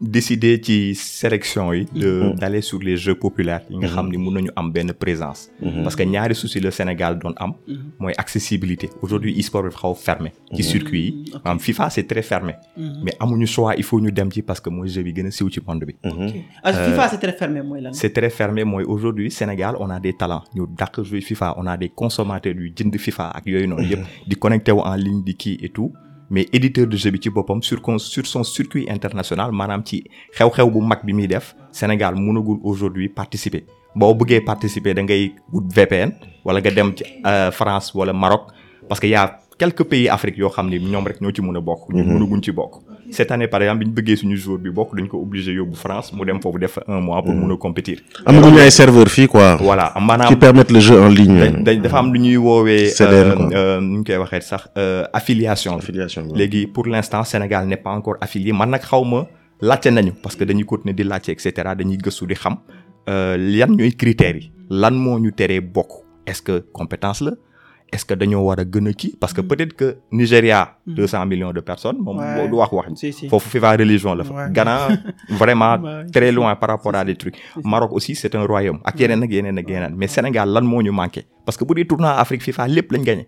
décidé ci sélection yi. de mm-hmm. Mm-hmm. d'aller sur les jeux populaires yi nga xam ni mm-hmm. mun nañu am benn présence. parce que ñaari souci le Sénégal doon am. mooy accessibilité aujourd'hui e-sport bi xaw fermé. ci circuit yi maanaam FIFA c'est très fermé. mais amuñu choix il faut ñu dem ci parce que mooy jeu bi gën a siiw ci monde bi. Ah, euh, FIFA c'est très fermé mooy lan. c'est très aujourd'hui Sénégal on a des talents ñu dàq jouer FIFA on a des consomateur yu jënd FIFA ak yooyu noonu yëpp di connecté wu kii et tout. mais éditeur de jeu bi ci boppam sur sur son international maanaam ci xew-xew bu mag bi muy def Sénégal mënagul aujourd'hui participer boo buggee participer da ngay wut VPN wala nga dem ci euh, France wala Maroc parce que y quelque quelques pays Afrique yoo xam ni ñoom rek ñoo ci mën a bokk. ñu mhm. mënaguñ ci bokk. cette année par exemple bi ñu bëggee suñu jour bi bokk dañ ko obligé yóbbu France mu dem foofu def un mois pour mm. mun a compétir. am nañu fii quoi. voilà maanaam qui permettent le jeu en ligne. dafa am lu ñuy woowee. Euh, CDN euh, nu ñu koy waxee sax euh, affiliation. affiliation léegi pour l' instant Sénégal ne est pas encore affilié man nag xaw ma laajte nañu parce que dañuy continuer di laajte et cetera dañuy gëstu di xam lan ñooy critères yi. lan moo ñu teree bokk est-ce que compétence la. est-ce que dañoo war a gën a kii parce que mm. peut-être que Nigéria. 200 mm. millions de personnes. moom du wax wax foofu FIFA religion la fa. Ghana [LAUGHS] vraiment très loin par rapport à des Maroc aussi c'est un royaume ak mm. yeneen ak yeneen ak yeneen mais Sénégal lan moo ñu manqué parce que bu dee tournoi Afrique FIFA lépp lañ gagné.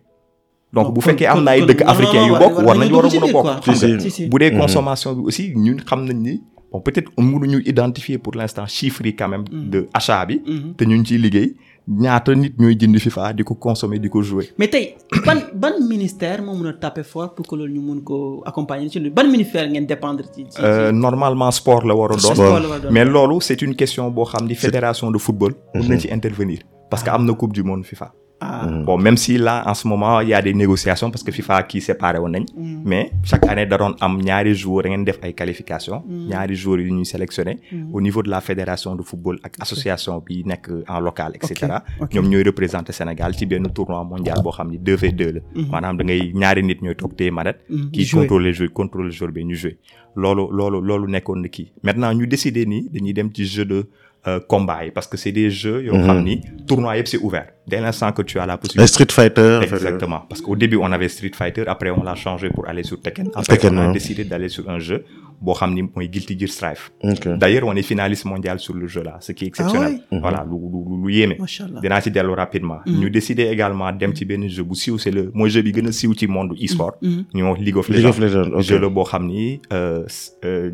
donc bu fekkee am na ay dëkk africain yu bokk war nañ war a mën a bokk. bu dee mm-hmm. consommation bi aussi ñun xam nañ ni. pour l'instant chiffres yi quand même. de mm-hmm. te ñu ngi ciy liggéey. ñaata nit ñooy jënd FIFA di ko consommer di ko jouer. mais tey [COUGHS] ban ban ministère moo mën a taper fort pour que loolu ñu mën ko accompagner ci ban ministère ngeen dépendre ci. Euh, normalement sport la war a doon. mais loolu c'est une question boo xam ni fédération de football. mën mhm. na ci intervenir parce que mhm. am na coupe du monde FIFA. Ah. bon même si là en ce moment y a des parce que FIFA kii séparé woon nañ. Mm. mais chaque année da doon am ñaari joueurs da ngeen def ay qualifications. Mm. ñaari joueurs yu ñuy sélectionné. au niveau de la fédération de football ak association bi nekk en local et ñoom ñooy représenté Sénégal ci benn tournoi mondial oh. boo xam ni 2v2 la. Mm-hmm. maanaam da ngay ñaari nit ñooy toog téye manette. Mm-hmm. kii contrôler joueur contrôler ñu joué. loolu loolu nekkoon na kii maintenant ñu décidé nii dañuy dem ci jeu Euh, combat yi parce que c'est des jeux yoo xam mhm. ni tournoi yëpp c'est ouvert dès l'instant que tu as la possibilité. Euh, Street Fighter euh, exactement parce que au début on avait Street Fighter après on l'a changé pour aller sur Tekken après on a décidé d'aller sur un jeu boo xam ni mooy Guilty Gear Strive d'ailleurs on est finaliste mondial sur le jeu là ce qui est ah voilà lu lu lu yéeme dinaa rapidement mm. ñu décidé également dem ci benn jeu bu siiw c'est le mooy jeu bi gën a siiw ci monde e-sport mm. Mm. ñu boo xam ni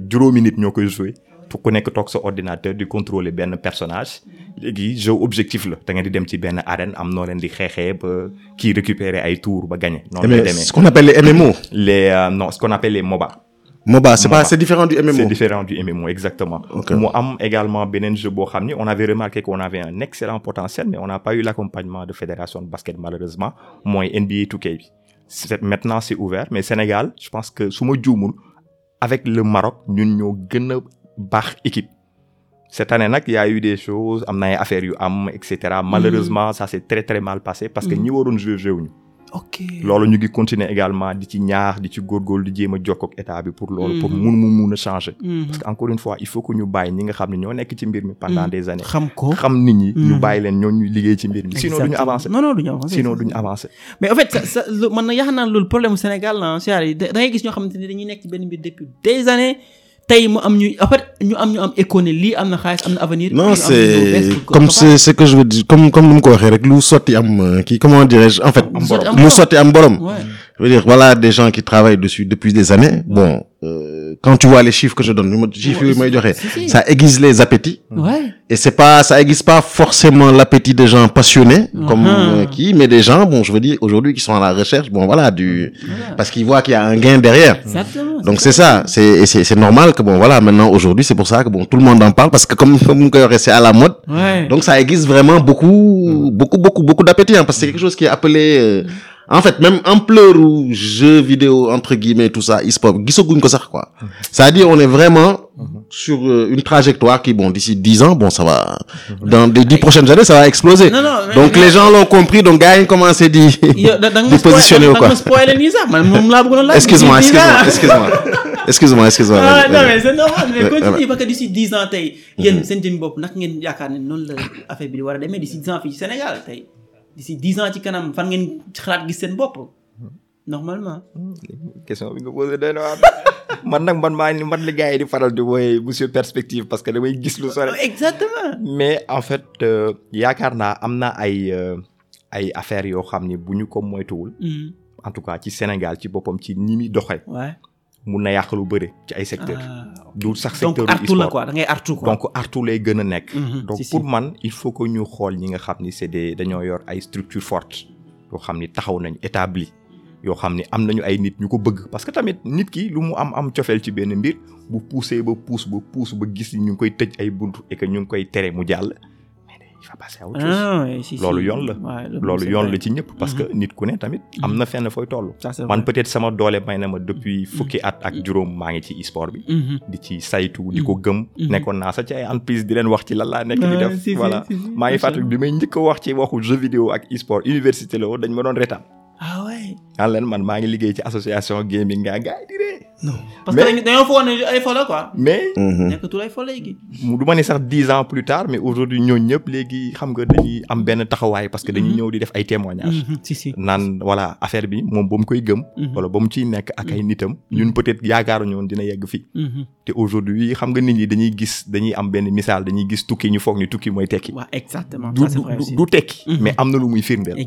juróomi nit ñoo koy jouer pour ku nekk toog sa ordinateur di contrôler benn personnage léegi jeu objectif la da di dem ci benn arène am noo leen di xeexee ba kii récupérer ay tour ba gagné. noonu lay demee ce qu'on appelle les MMO. les euh, ce qu'on appelle les MOBA. MOBA c'est différent du MMO. exactement. Okay. am également beneen jeu boo xam ni on avait remarqué qu'on avait un excellent potentiel mais on n'a pas eu l'accompagnement de fédération de basket malheureusement mooy NBA 2 que su ma juumul avec le Maroc ñun ñoo baax équipe cette année nag y a eu des choses am na ay affaires yu am et cetera malheureusement sa s'est très très mal passé parce que mm. ñi waroon jouer joué wuñu ok loolu ñu ngi continuer également di ci ñaax di ci góorgóorlu di jéem a jokkoo ak bi pour loolu pour mm. mun mu mun a changer mm-hmm. parce que encore une fois il faut que ñu bàyyi ñi nga xam ne ñoo nekk ci mbir mi pendant mm. des années xam ko xam ñu liggéey ci mbir mi sinon duñu avancer non non mais en fait man na yaakaar naa loolu problème Sénégal la Cheikh tey mu am ñu en ñu am ñu am écho lii am na xaalis am na avenir. non comme c'est ce que je veux comme comme nu mu ko waxee rek lu soti am euh, kii comment dirais-je en fait. am borom. je veux des gens qui travaillent dessus depuis des années euh, quand tu vois les chiffres que je donne les aiguise les appétits et c'est pas forcément l'appétit des gens passionnés uh-huh. comme euh, qui mais des gens je veux dire aujourd'hui qui sont à la recherche parce qu'ils voient qu'il y a un gain derrière donc c'est ça c'est normal que voilà maintenant aujourd'hui c'est pour ça que tout le monde en parle parce que comme comme mu koy à la mode ouais. en fait même ampleur ou jeu vidéo entre guillemets tout ça e-sport gisaguñ ko sax quoi sa à dire on est vraiment sur euh, une trajectoire ki bon d'ici dix ans bon ça va dans les dix prochaines années ça va exploser non, non, donc mais, les mais, gens l'ont commencé di di positionner quoi excuse-moi excuse-moi excuse-moi excuse-moi excuse-moi ah non mais c'est normal mais continue parce que d'ici dix ans tey yéen mhm. seen jëm bopp nag ngeen yaakaar ne noonu la affaire bi di si dix ans ci kanam fan ngeen xalaat gis seen bopp normalement. question bi nga posé doy [LAUGHS] man nag man maa man li gars yi di faral di wooye monsieur perspective parce que damay gis lu sore. exactement. mais en fait euh, yaakaar naa am na ay euh, ay affaires yoo xam ni bu ñu ko moytuwul. Hmm. en tout cas ci Sénégal ci boppam ci ni muy doxee. mun na yàq lu bëri ci ay secteurs. Ah, du sax secteur donc artu la quoi da ngay artu quoi. donc artu lay gën a nekk. Mhm, donc pour man il faut que ñu xool ñi nga xam ni c'est des dañoo yor ay structures fortes yoo xam ni taxaw nañ établi yoo xam ni am nañu ay nit ñu ko bëgg parce que tamit nit ki lu mu am am cofeel ci benn mbir bu poussé ba pousse ba pousse ba gis ñu ngi koy tëj ay buntu et ñu ngi koy tere mu jàll. fa passer à autre ah, loolu yoon la loolu yoon la ci ñëpp parce mhm. nit ku ne tamit am na fenn fooy toll man peut sama doole may na ma depuis mhm. fukki at ak juróom maa ngi ci sport bi mhm. di ci saytu di ko gëm nekkoon naa sax ci ay entreprise di leen wax ci lan nekk di def voilà maa ngi fàttali bi may njëkk a wax ci waxu jeu vidéo ak sport université la woon dañ ma doon retaan ah naan leen maa ngi liggéey ci association gaming ngaa gars yi di la fo mhm. léegi. du ma ne sax dix ans plus tard mais aujourd'hui ñooñu ñëpp léegi xam nga dañuy am benn taxawaay parce que dañuy mhm. ñëw di def ay témoignages. Mhm. si si naan voilà affaire bi moom ba mu koy gëm. wala ba mu ciy nekk ak ay nitam. ñun peut-être yaakaaruñu woon dina yegg fii. te aujourd'hui xam nga nit ñi dañuy gis dañuy am benn misaal dañuy gis tukki ñu foog ni tukki mooy tekki. waaw exactement du tekki. mais am na lu muy firndeel.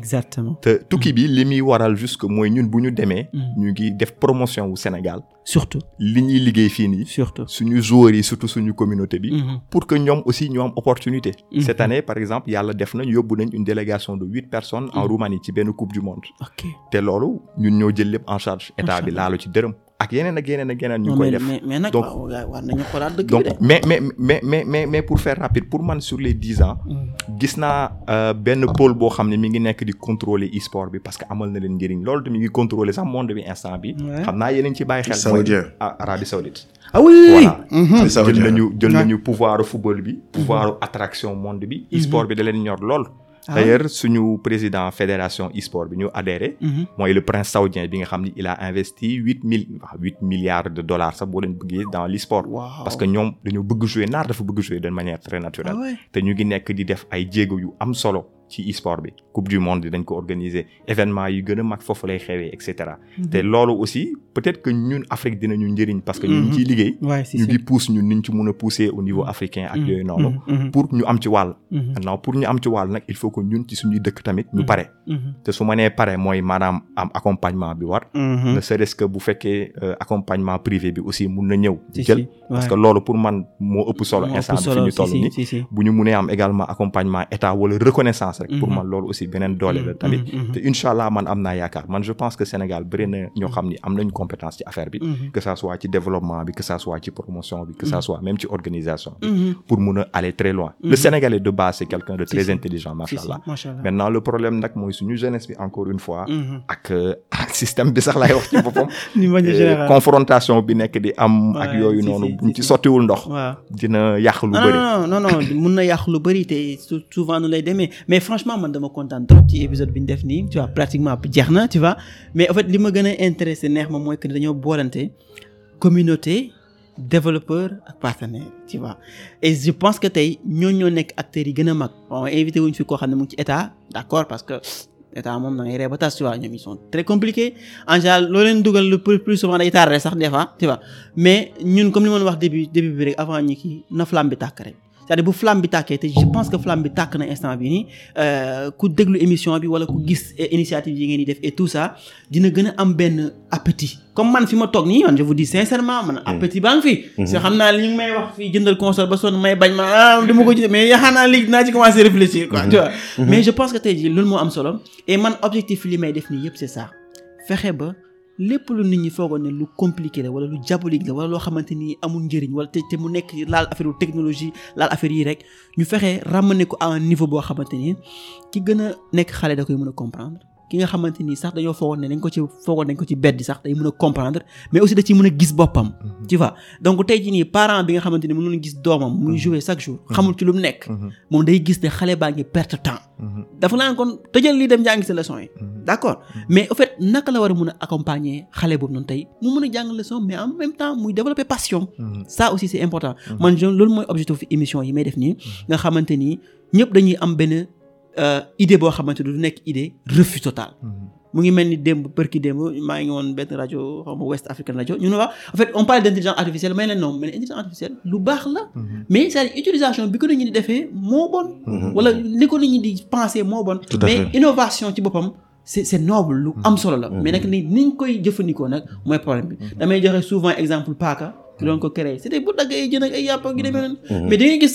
te tukki bi li waral juste que mooy ñun bu ñu demee. Mm. ñu ngi def promotion wu Sénégal. surtout li ñuy liggéey fii nii. surtout suñu joueurs yi surtout suñu communauté bi. Mm-hmm. pour que ñoom aussi ñu am opportunité. Mm-hmm. cette année par exemple yàlla def nañ yóbbu nañ une délégation de huit personnes en mm-hmm. Roumanie ci benn coupe du monde. te loolu ñun ñoo jël lépp en charge état bi laalu ci dërëm. ak yeneen ak yeneen ak yeneen ñu koy def mais mais nag war nañu xoolaat dëkk bi mais mais pour faire rapide pour man sur les dix ans. Mm. gis naa euh, benn pôle boo xam ne mi ngi nekk di contrôler e-sport bi parce que amal na leen njëriñ loolu tamit mi ngi contrôler sax monde bi instant bi xam naa yeneen ci bàyyi xel. mooy ah, Arabie Saoudite. ah oui mm-hmm. jël nañu pouvoir football bi. pouvoir mm-hmm. attraction monde bi. Mm-hmm. e-sport bi da leen ñor lool. Ah. d' ailleurs suñu président fédération e-sport bi ñu adhéré. Mhm. mooy le prince saoudien bi nga xam ni il a investi huit mille huit milliards de dollars sax boo leen bëggee dans le parce que ñoom dañoo bëgg jouer naar dafa bëgg jouer de manière très naturelle. Ah te ñu ngi nekk di def ay jéego yu am solo. ci e bi coupe du monde bi dañ ko organiser événement yu gën a mag foofu lay xewee et cetera. Mhm. te loolu aussi peut-être que ñun Afrique dinañu njëriñ parce que ñu ngi mhm. ciy liggéey. ñu ngi pousse ñun niñ ci mën a pousser au niveau mhm. africain ak yooyu noonu. pour ñu am ci wàll. maintenant pour ñu am ci wàll nag il faut que ñun ci suñuy dëkk tamit ñu pare. te su ma pare mooy maanaam am accompagnement bi war. ne serait-ce que bu fekkee euh, accompagnement privé bi aussi mun na ñëw. jël parce que loolu pour man moo ëpp solo. instant bi fi ñu toll nii bu ñu munee am également accompagnement France rek pour mhm. man loolu aussi beneen doole la mhm, tamit mhm, te incha allah man am naa yaakaar man je pense que Sénégal bëri na ñoo xam ni am nañu compétence ci affaire bi que ça soit ci développement bi que ça soit ci organisation pour mun a aller très loin le Sénégalais de base c'est quelqu'un de très intelligent macha allah maintenant le problème nag mooy suñu jeunesse bi encore une fois euh, [LAUGHS] ak système bi sax lay wax ci boppam [LAUGHS] confrontation bi nekk di am ak yooyu noonu buñ franchement man dama kontaan trop ci épisode bi ñu def nii tu vois pratiquement jeex na tu vois mais en fait li ma gën a intéressé neex ma mooy que dañoo boolante communauté développeur ak partenaire tu vois et je pense que tey ñoo ñoo nekk acteurs yi gën a mag bon invité wuñ fi koo xam ne mu ngi ci d'accord parce que état moom da ngay ree ba tas tu vois ñoom ils très compliqués en général loo leen dugal le plus souvent day tardé sax des mais ñun comme li c'est-à-dire bu flamme bi tàkkee te je pense que flamme bi tàkk na instant bi nii euh, ku déglu émission bi wala ku gis initiative yi ngeen di def et tout ça dina gën a am benn appétit comme man fi ma toog nii man je vous dis sincèrement man mm. appétit baa ngi fi si mm-hmm. xam naa li ñu may wax fii jëndal console ba sonn may bañ ma ah du ma ko jënd mais yaxaa naa dinaa ci commencer réfléchir quoi mm-hmm. mm-hmm. mais je pense que tey loolu moo am solo et man objectif ba lépp lu nit ñi foogoon ne lu compliqué la wala lu diabolique la wala loo xamante ni amul njëriñ wala te te mu nekk laal affaire technologie laal affaire yi rek ñu fexe ramener ko à un niveau boo xamante ni ki gën a nekk xale da koy mën a comprendre ki nga xamante ni sax dañoo foogoon ne dañ ko ci foogoon dañ ko ci beddi sax day mën a comprendre mais aussi da ci mën a gis boppam mhm. tu vois donc tey jii nii parent bi nga xamante ni mënul gis doomam muy mhm. jouer chaque jour mhm. xamul ci lu mu nekk moom war a mën a accompagner xale boobu a jàng leçon mais en même temps muy développer passion ça aussi c'est important man loolu mooy objectif émission yi may def nii nga xamante ni ñëpp dañuy am benn Euh, idée boo xamante du nekk idée refus total. Mhm. mu ngi mel ni démb përki démb maa ngi woon benn rajo xaw West African rajo ñu ne waaw en fait on parle d' intelligence artificielle may leen non mais intelligence artificielle lu baax la. Mhm. mais c'est utilisation bi ko nit ñi di defee moo bon. Mhm. wala li ko nit ñi di penser moo bon. mais innovation ci boppam. c'est c'est lu am solo la. mais nag ni niñ koy jëfandikoo nag mooy problème damay joxe souvent exemple paaka. te doon ko créé c'était pour dagg ay jën ak ay yàpp ak yu demee noonu mhm. mais da ngay gis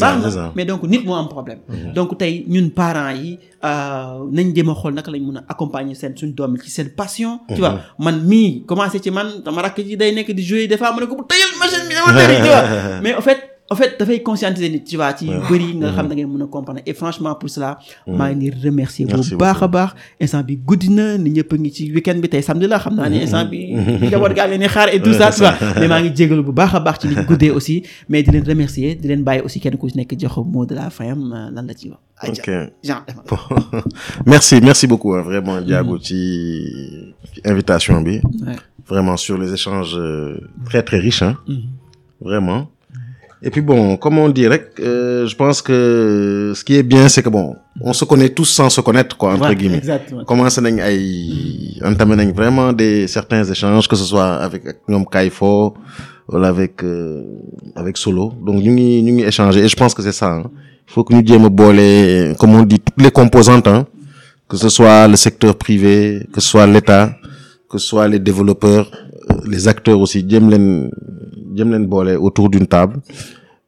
na mais donc nit moo am problème mhm. donc tey ñun parents yi euh, nañ jéem a xool naka lañ mun a accompagner seen suñ doom ci seen passion tu vois mhm. man mii commencé ci man dama rakk ji day nekk di jouer des fois mu ne ko bu tëyal machine bi ama tëri tu vois [LAUGHS] mais en fait en fait dafay conscientiser nit tu vois ci yu bëri nga xam da mm-hmm. ngeen mën a comprendre et franchement pour cela mm. maa ngi ni remercier bu baax a baax instant bi guddi na ni ñëpp a ngi ci week bi tey samedi la xam naa ne instant bi mm-hmm. jaboot gaa leen ni xaar et tout ça tu [LAUGHS] mais maa ngi jégalu bu baax a baax ci li guddee aussi mais di leen remercier di leen bàyyi aussi kenn ku ci nekk jox mot de la fin euh, lan la ci wax ok [LAUGHS] merci merci beaucoup vraiment Diago mm. ci invitation bi vraiment sur les échanges euh, très Et bon, comme on dit, euh, je pense que ce qui est bien, c'est que bon, on se connaît tous sans se connaître, quoi, entre ouais, guillemets. nañu ay à entamer vraiment des, certains échanges, que ce soit avec Ngom Kaifo, ou avec, euh, avec Solo. Donc, nous, nous échanger. Et je pense que c'est ça. Il hein. faut que nous disions, les, comme on dit, toutes les composantes, que ce soit le secteur privé, que ce soit l'État, que ce soit les développeurs, euh, les acteurs aussi. jëm leen boole autour d'une table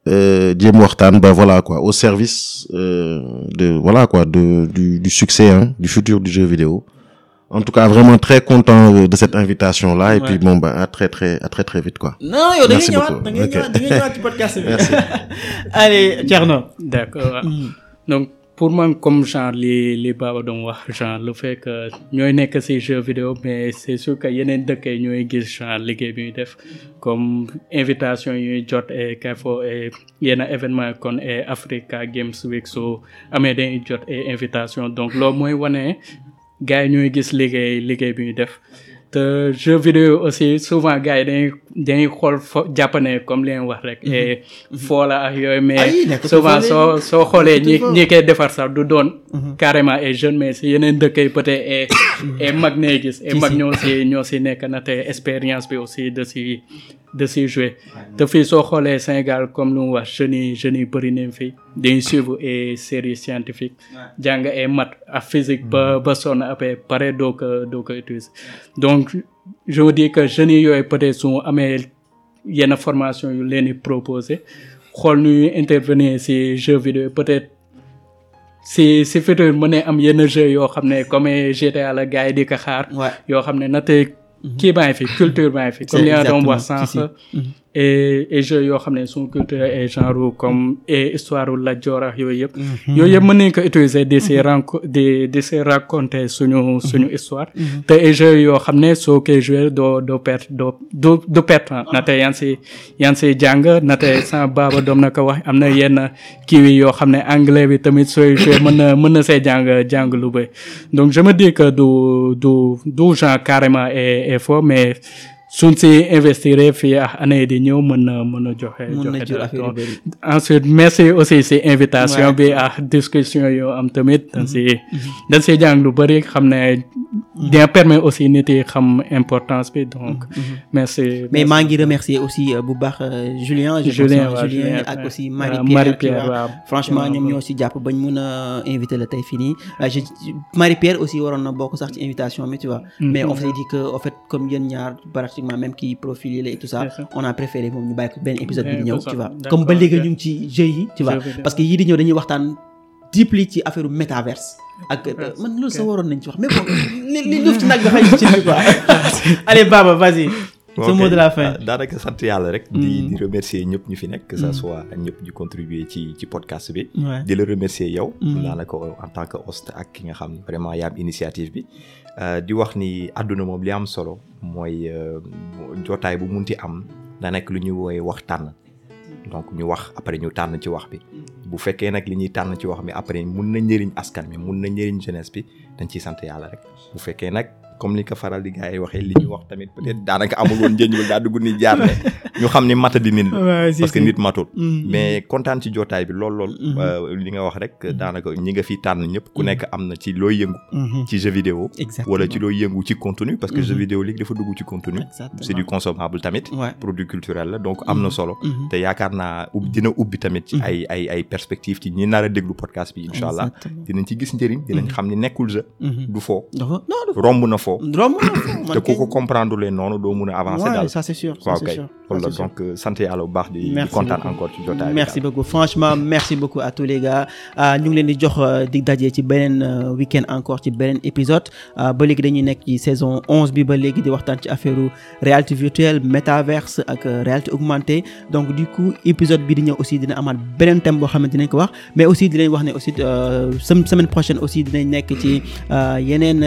euh, jéem waxtaan ba voilà quoi au service euh, de voilà quoi de du du succès hein, du futur du jeu vidéo en tout cas vraiment très content euh, de cette invitation là et ouais. puis bon bah à très très à très très vite quoi. non yow da ngay ñëwaat [LAUGHS] [LAUGHS] d'accord hmm. donc. pour man comme genre li li Baba doon wax genre lu fekk ñooy nekk ci jeu vidéo mais c'est sûr que yeneen dëkk ñooy gis genre liggéey bi ñuy def comme invitation yi ñuy jot et kayfo et yenn événement kon et Africa Games Week so amee dañuy jot invitation donc loolu mooy wane gars yi ñooy gis liggéey liggéey bi ñuy def te jeu vidéo aussi souvent gars yi dañuy dañuy xool fo japonais comme li wax rek. e foo la yooyu mais. Ah, souvent soo soo xoolee ñi ñi defar sax du doon. Mm-hmm. carrément ay jeune mais si yeneen dëkk yi peut être et eh, [COUGHS] eh, mag nee gis. et eh, mag ñoo si ñoo si nekk na te expérience bi aussi de si de si jouer. te fii soo xoolee Sénégal comme lu mu wax jeunes yi jeunes yi bëri nañ fi dañuy suivre et série scientifique. jàng e mat ak physique ba ba sonn après pare doo ko doo ko donc je vous dis que jeunes yooyu peut-être su amee yenn formation yu leen di proposé xool nu intervenir si jeu vidéo peut-être si si futur mën ne am yenn jeu yoo xam ne comme GTA la gars yi di ko xaar. yoo xam ne na tey kii baa ngi fi culture baa ngi fi. comme li nga doon wax sens et et yoo xam ne suñu culture ay genre comme et la Joor ak yooyu yëpp. Mhm. yooyu yëpp mën nañu ko utiliser di si renco di di si suñu mhm. suñu histoire. Mhm. te ay jeux yoo xam ne soo koy jouer doo doo perte doo doo doo perte na te yaa si jàng na te sama baaba doom na ko wax am na yenn kii yoo xam ne anglais bi tamit sooy mën na mën na see jàng jàng lu bëri donc je me dis que du du du genre carrément est mais. suñ si investir fii ak année di ñëw mën na mën a joxe joxe ensuite merci aussi si invitation bi ak discussion yoo am tamit dañ si mhm. mhm. jàng lu bëri xam ne dina mhm. permettre aussi nit yi xam importance bi donc merci mais maa ngi remercier aussi euh, bu baax euh, Julien Julien Julien ak aussi Marie Pierre waaw franchement ñoom ñoo si jàpp bañ mun a invité la tey fii nii euh, je Marie aussi waroon na bokk sax ci invitation bi tu mais on s'est dit que en fait comme yéen ñaar pratiquement même kii profilé la et tout ça on a préféré moom ñu bàyyi ko benn épisode bi eh, ñëw tu vois comme ba léegi ñu ngi ci jeu yi tu vois parce que yii di ñëw dañuy waxtaan deeply ci affaire métaverse ak euh, man loolu sa waroon nañ ci wax mais bon li li duuf [LAUGHS] [LAUGHS] de la ah, fin daanaka sant yàlla rek di hmm. di remercier ñëpp ñu fi nekk que ça hmm. soit ñëpp ñu contribuer ci ci podcast bi di la remercier yow daanaka hmm. en tant que host ak ki nga xam ne vraiment yaa initiative bi Euh, di wax ni àdduna moom li am solo mooy euh, jotaay bu mun munti am da nekk lu ñuy wooye wax tànn donc ñu wax après ñu tànn ci wax bi bu fekkee nag li ñuy tànn ci wax bi après mun na njëriñ askan bi mun na njëriñ jeunesse bi dañ ciy sant yàlla rek bu fekkee nag comme ni ko faral di gars yi waxee li ñu wax tamit peut xam ni mata que nit matul mm, mm. mais kontaan ci jotaay bi lool lool mm-hmm. euh, li nga wax rek mm-hmm. daanaka ñi nga fi tànn ñëpp ku mm-hmm. nekk am na ci looy yëngu ci jeu vidéo wala ci looy yëngu ci contenu parce que jeu vidéo léegi dafa dugg ci contenu c'est du consommable tamit produit culturel la donc am na solo te yaakaar naa ub dina ubbi tamit ci ay ay ay perspectives ci ñi nar a déglu podcast bi incha allah dinañ ci gis njëriñ dinañ xam ni nekkul jeu du foo romb na foo fo. loo mën a fo te ku ko comprendre leen a daal ça c'est sûr ça c'est sûr donc euh, sant yàlla baax di. merci encore ci jotaay franchement merci beaucoup à tous les gars euh, ñu leen di jox euh, di daje ci beneen week encore ci beneen épisode ba léegi dañuy nekk ci saison onze bi ba léegi di waxtaan ci affaire réalité virtuelle métaverse ak réalité augmentée donc du coup épisode bi di ñëw aussi dina amaat beneen thème boo ko wax mais aussi dinañ wax ne aussi dinañ nekk ci yeneen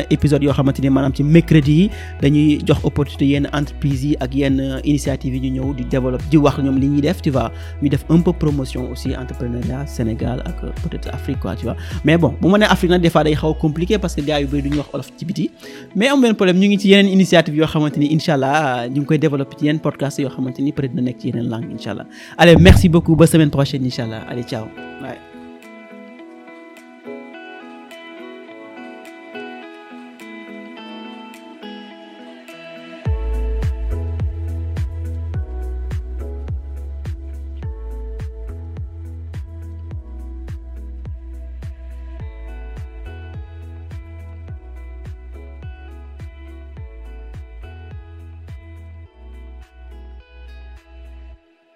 am ci mercredi yi dañuy jox opportunité yenn entreprise yi ak yenn euh, initiative yi ñu ñëw di développer di wax ñoom li ñuy def tu vois ñu def un peu promotion aussi entrepreneuriat Sénégal ak euh, peut Afrique quoi tu mais bon bu ma nee Afrique nag des day xaw a compliqué parce que gars yu bëri du wax olof ci biti mais am benn problème ñu ngi ci yeneen initiative yoo xamante ni incha allah euh, ñu ngi koy développer ci yenn podcast yoo xamante ni dina nekk ci yeneen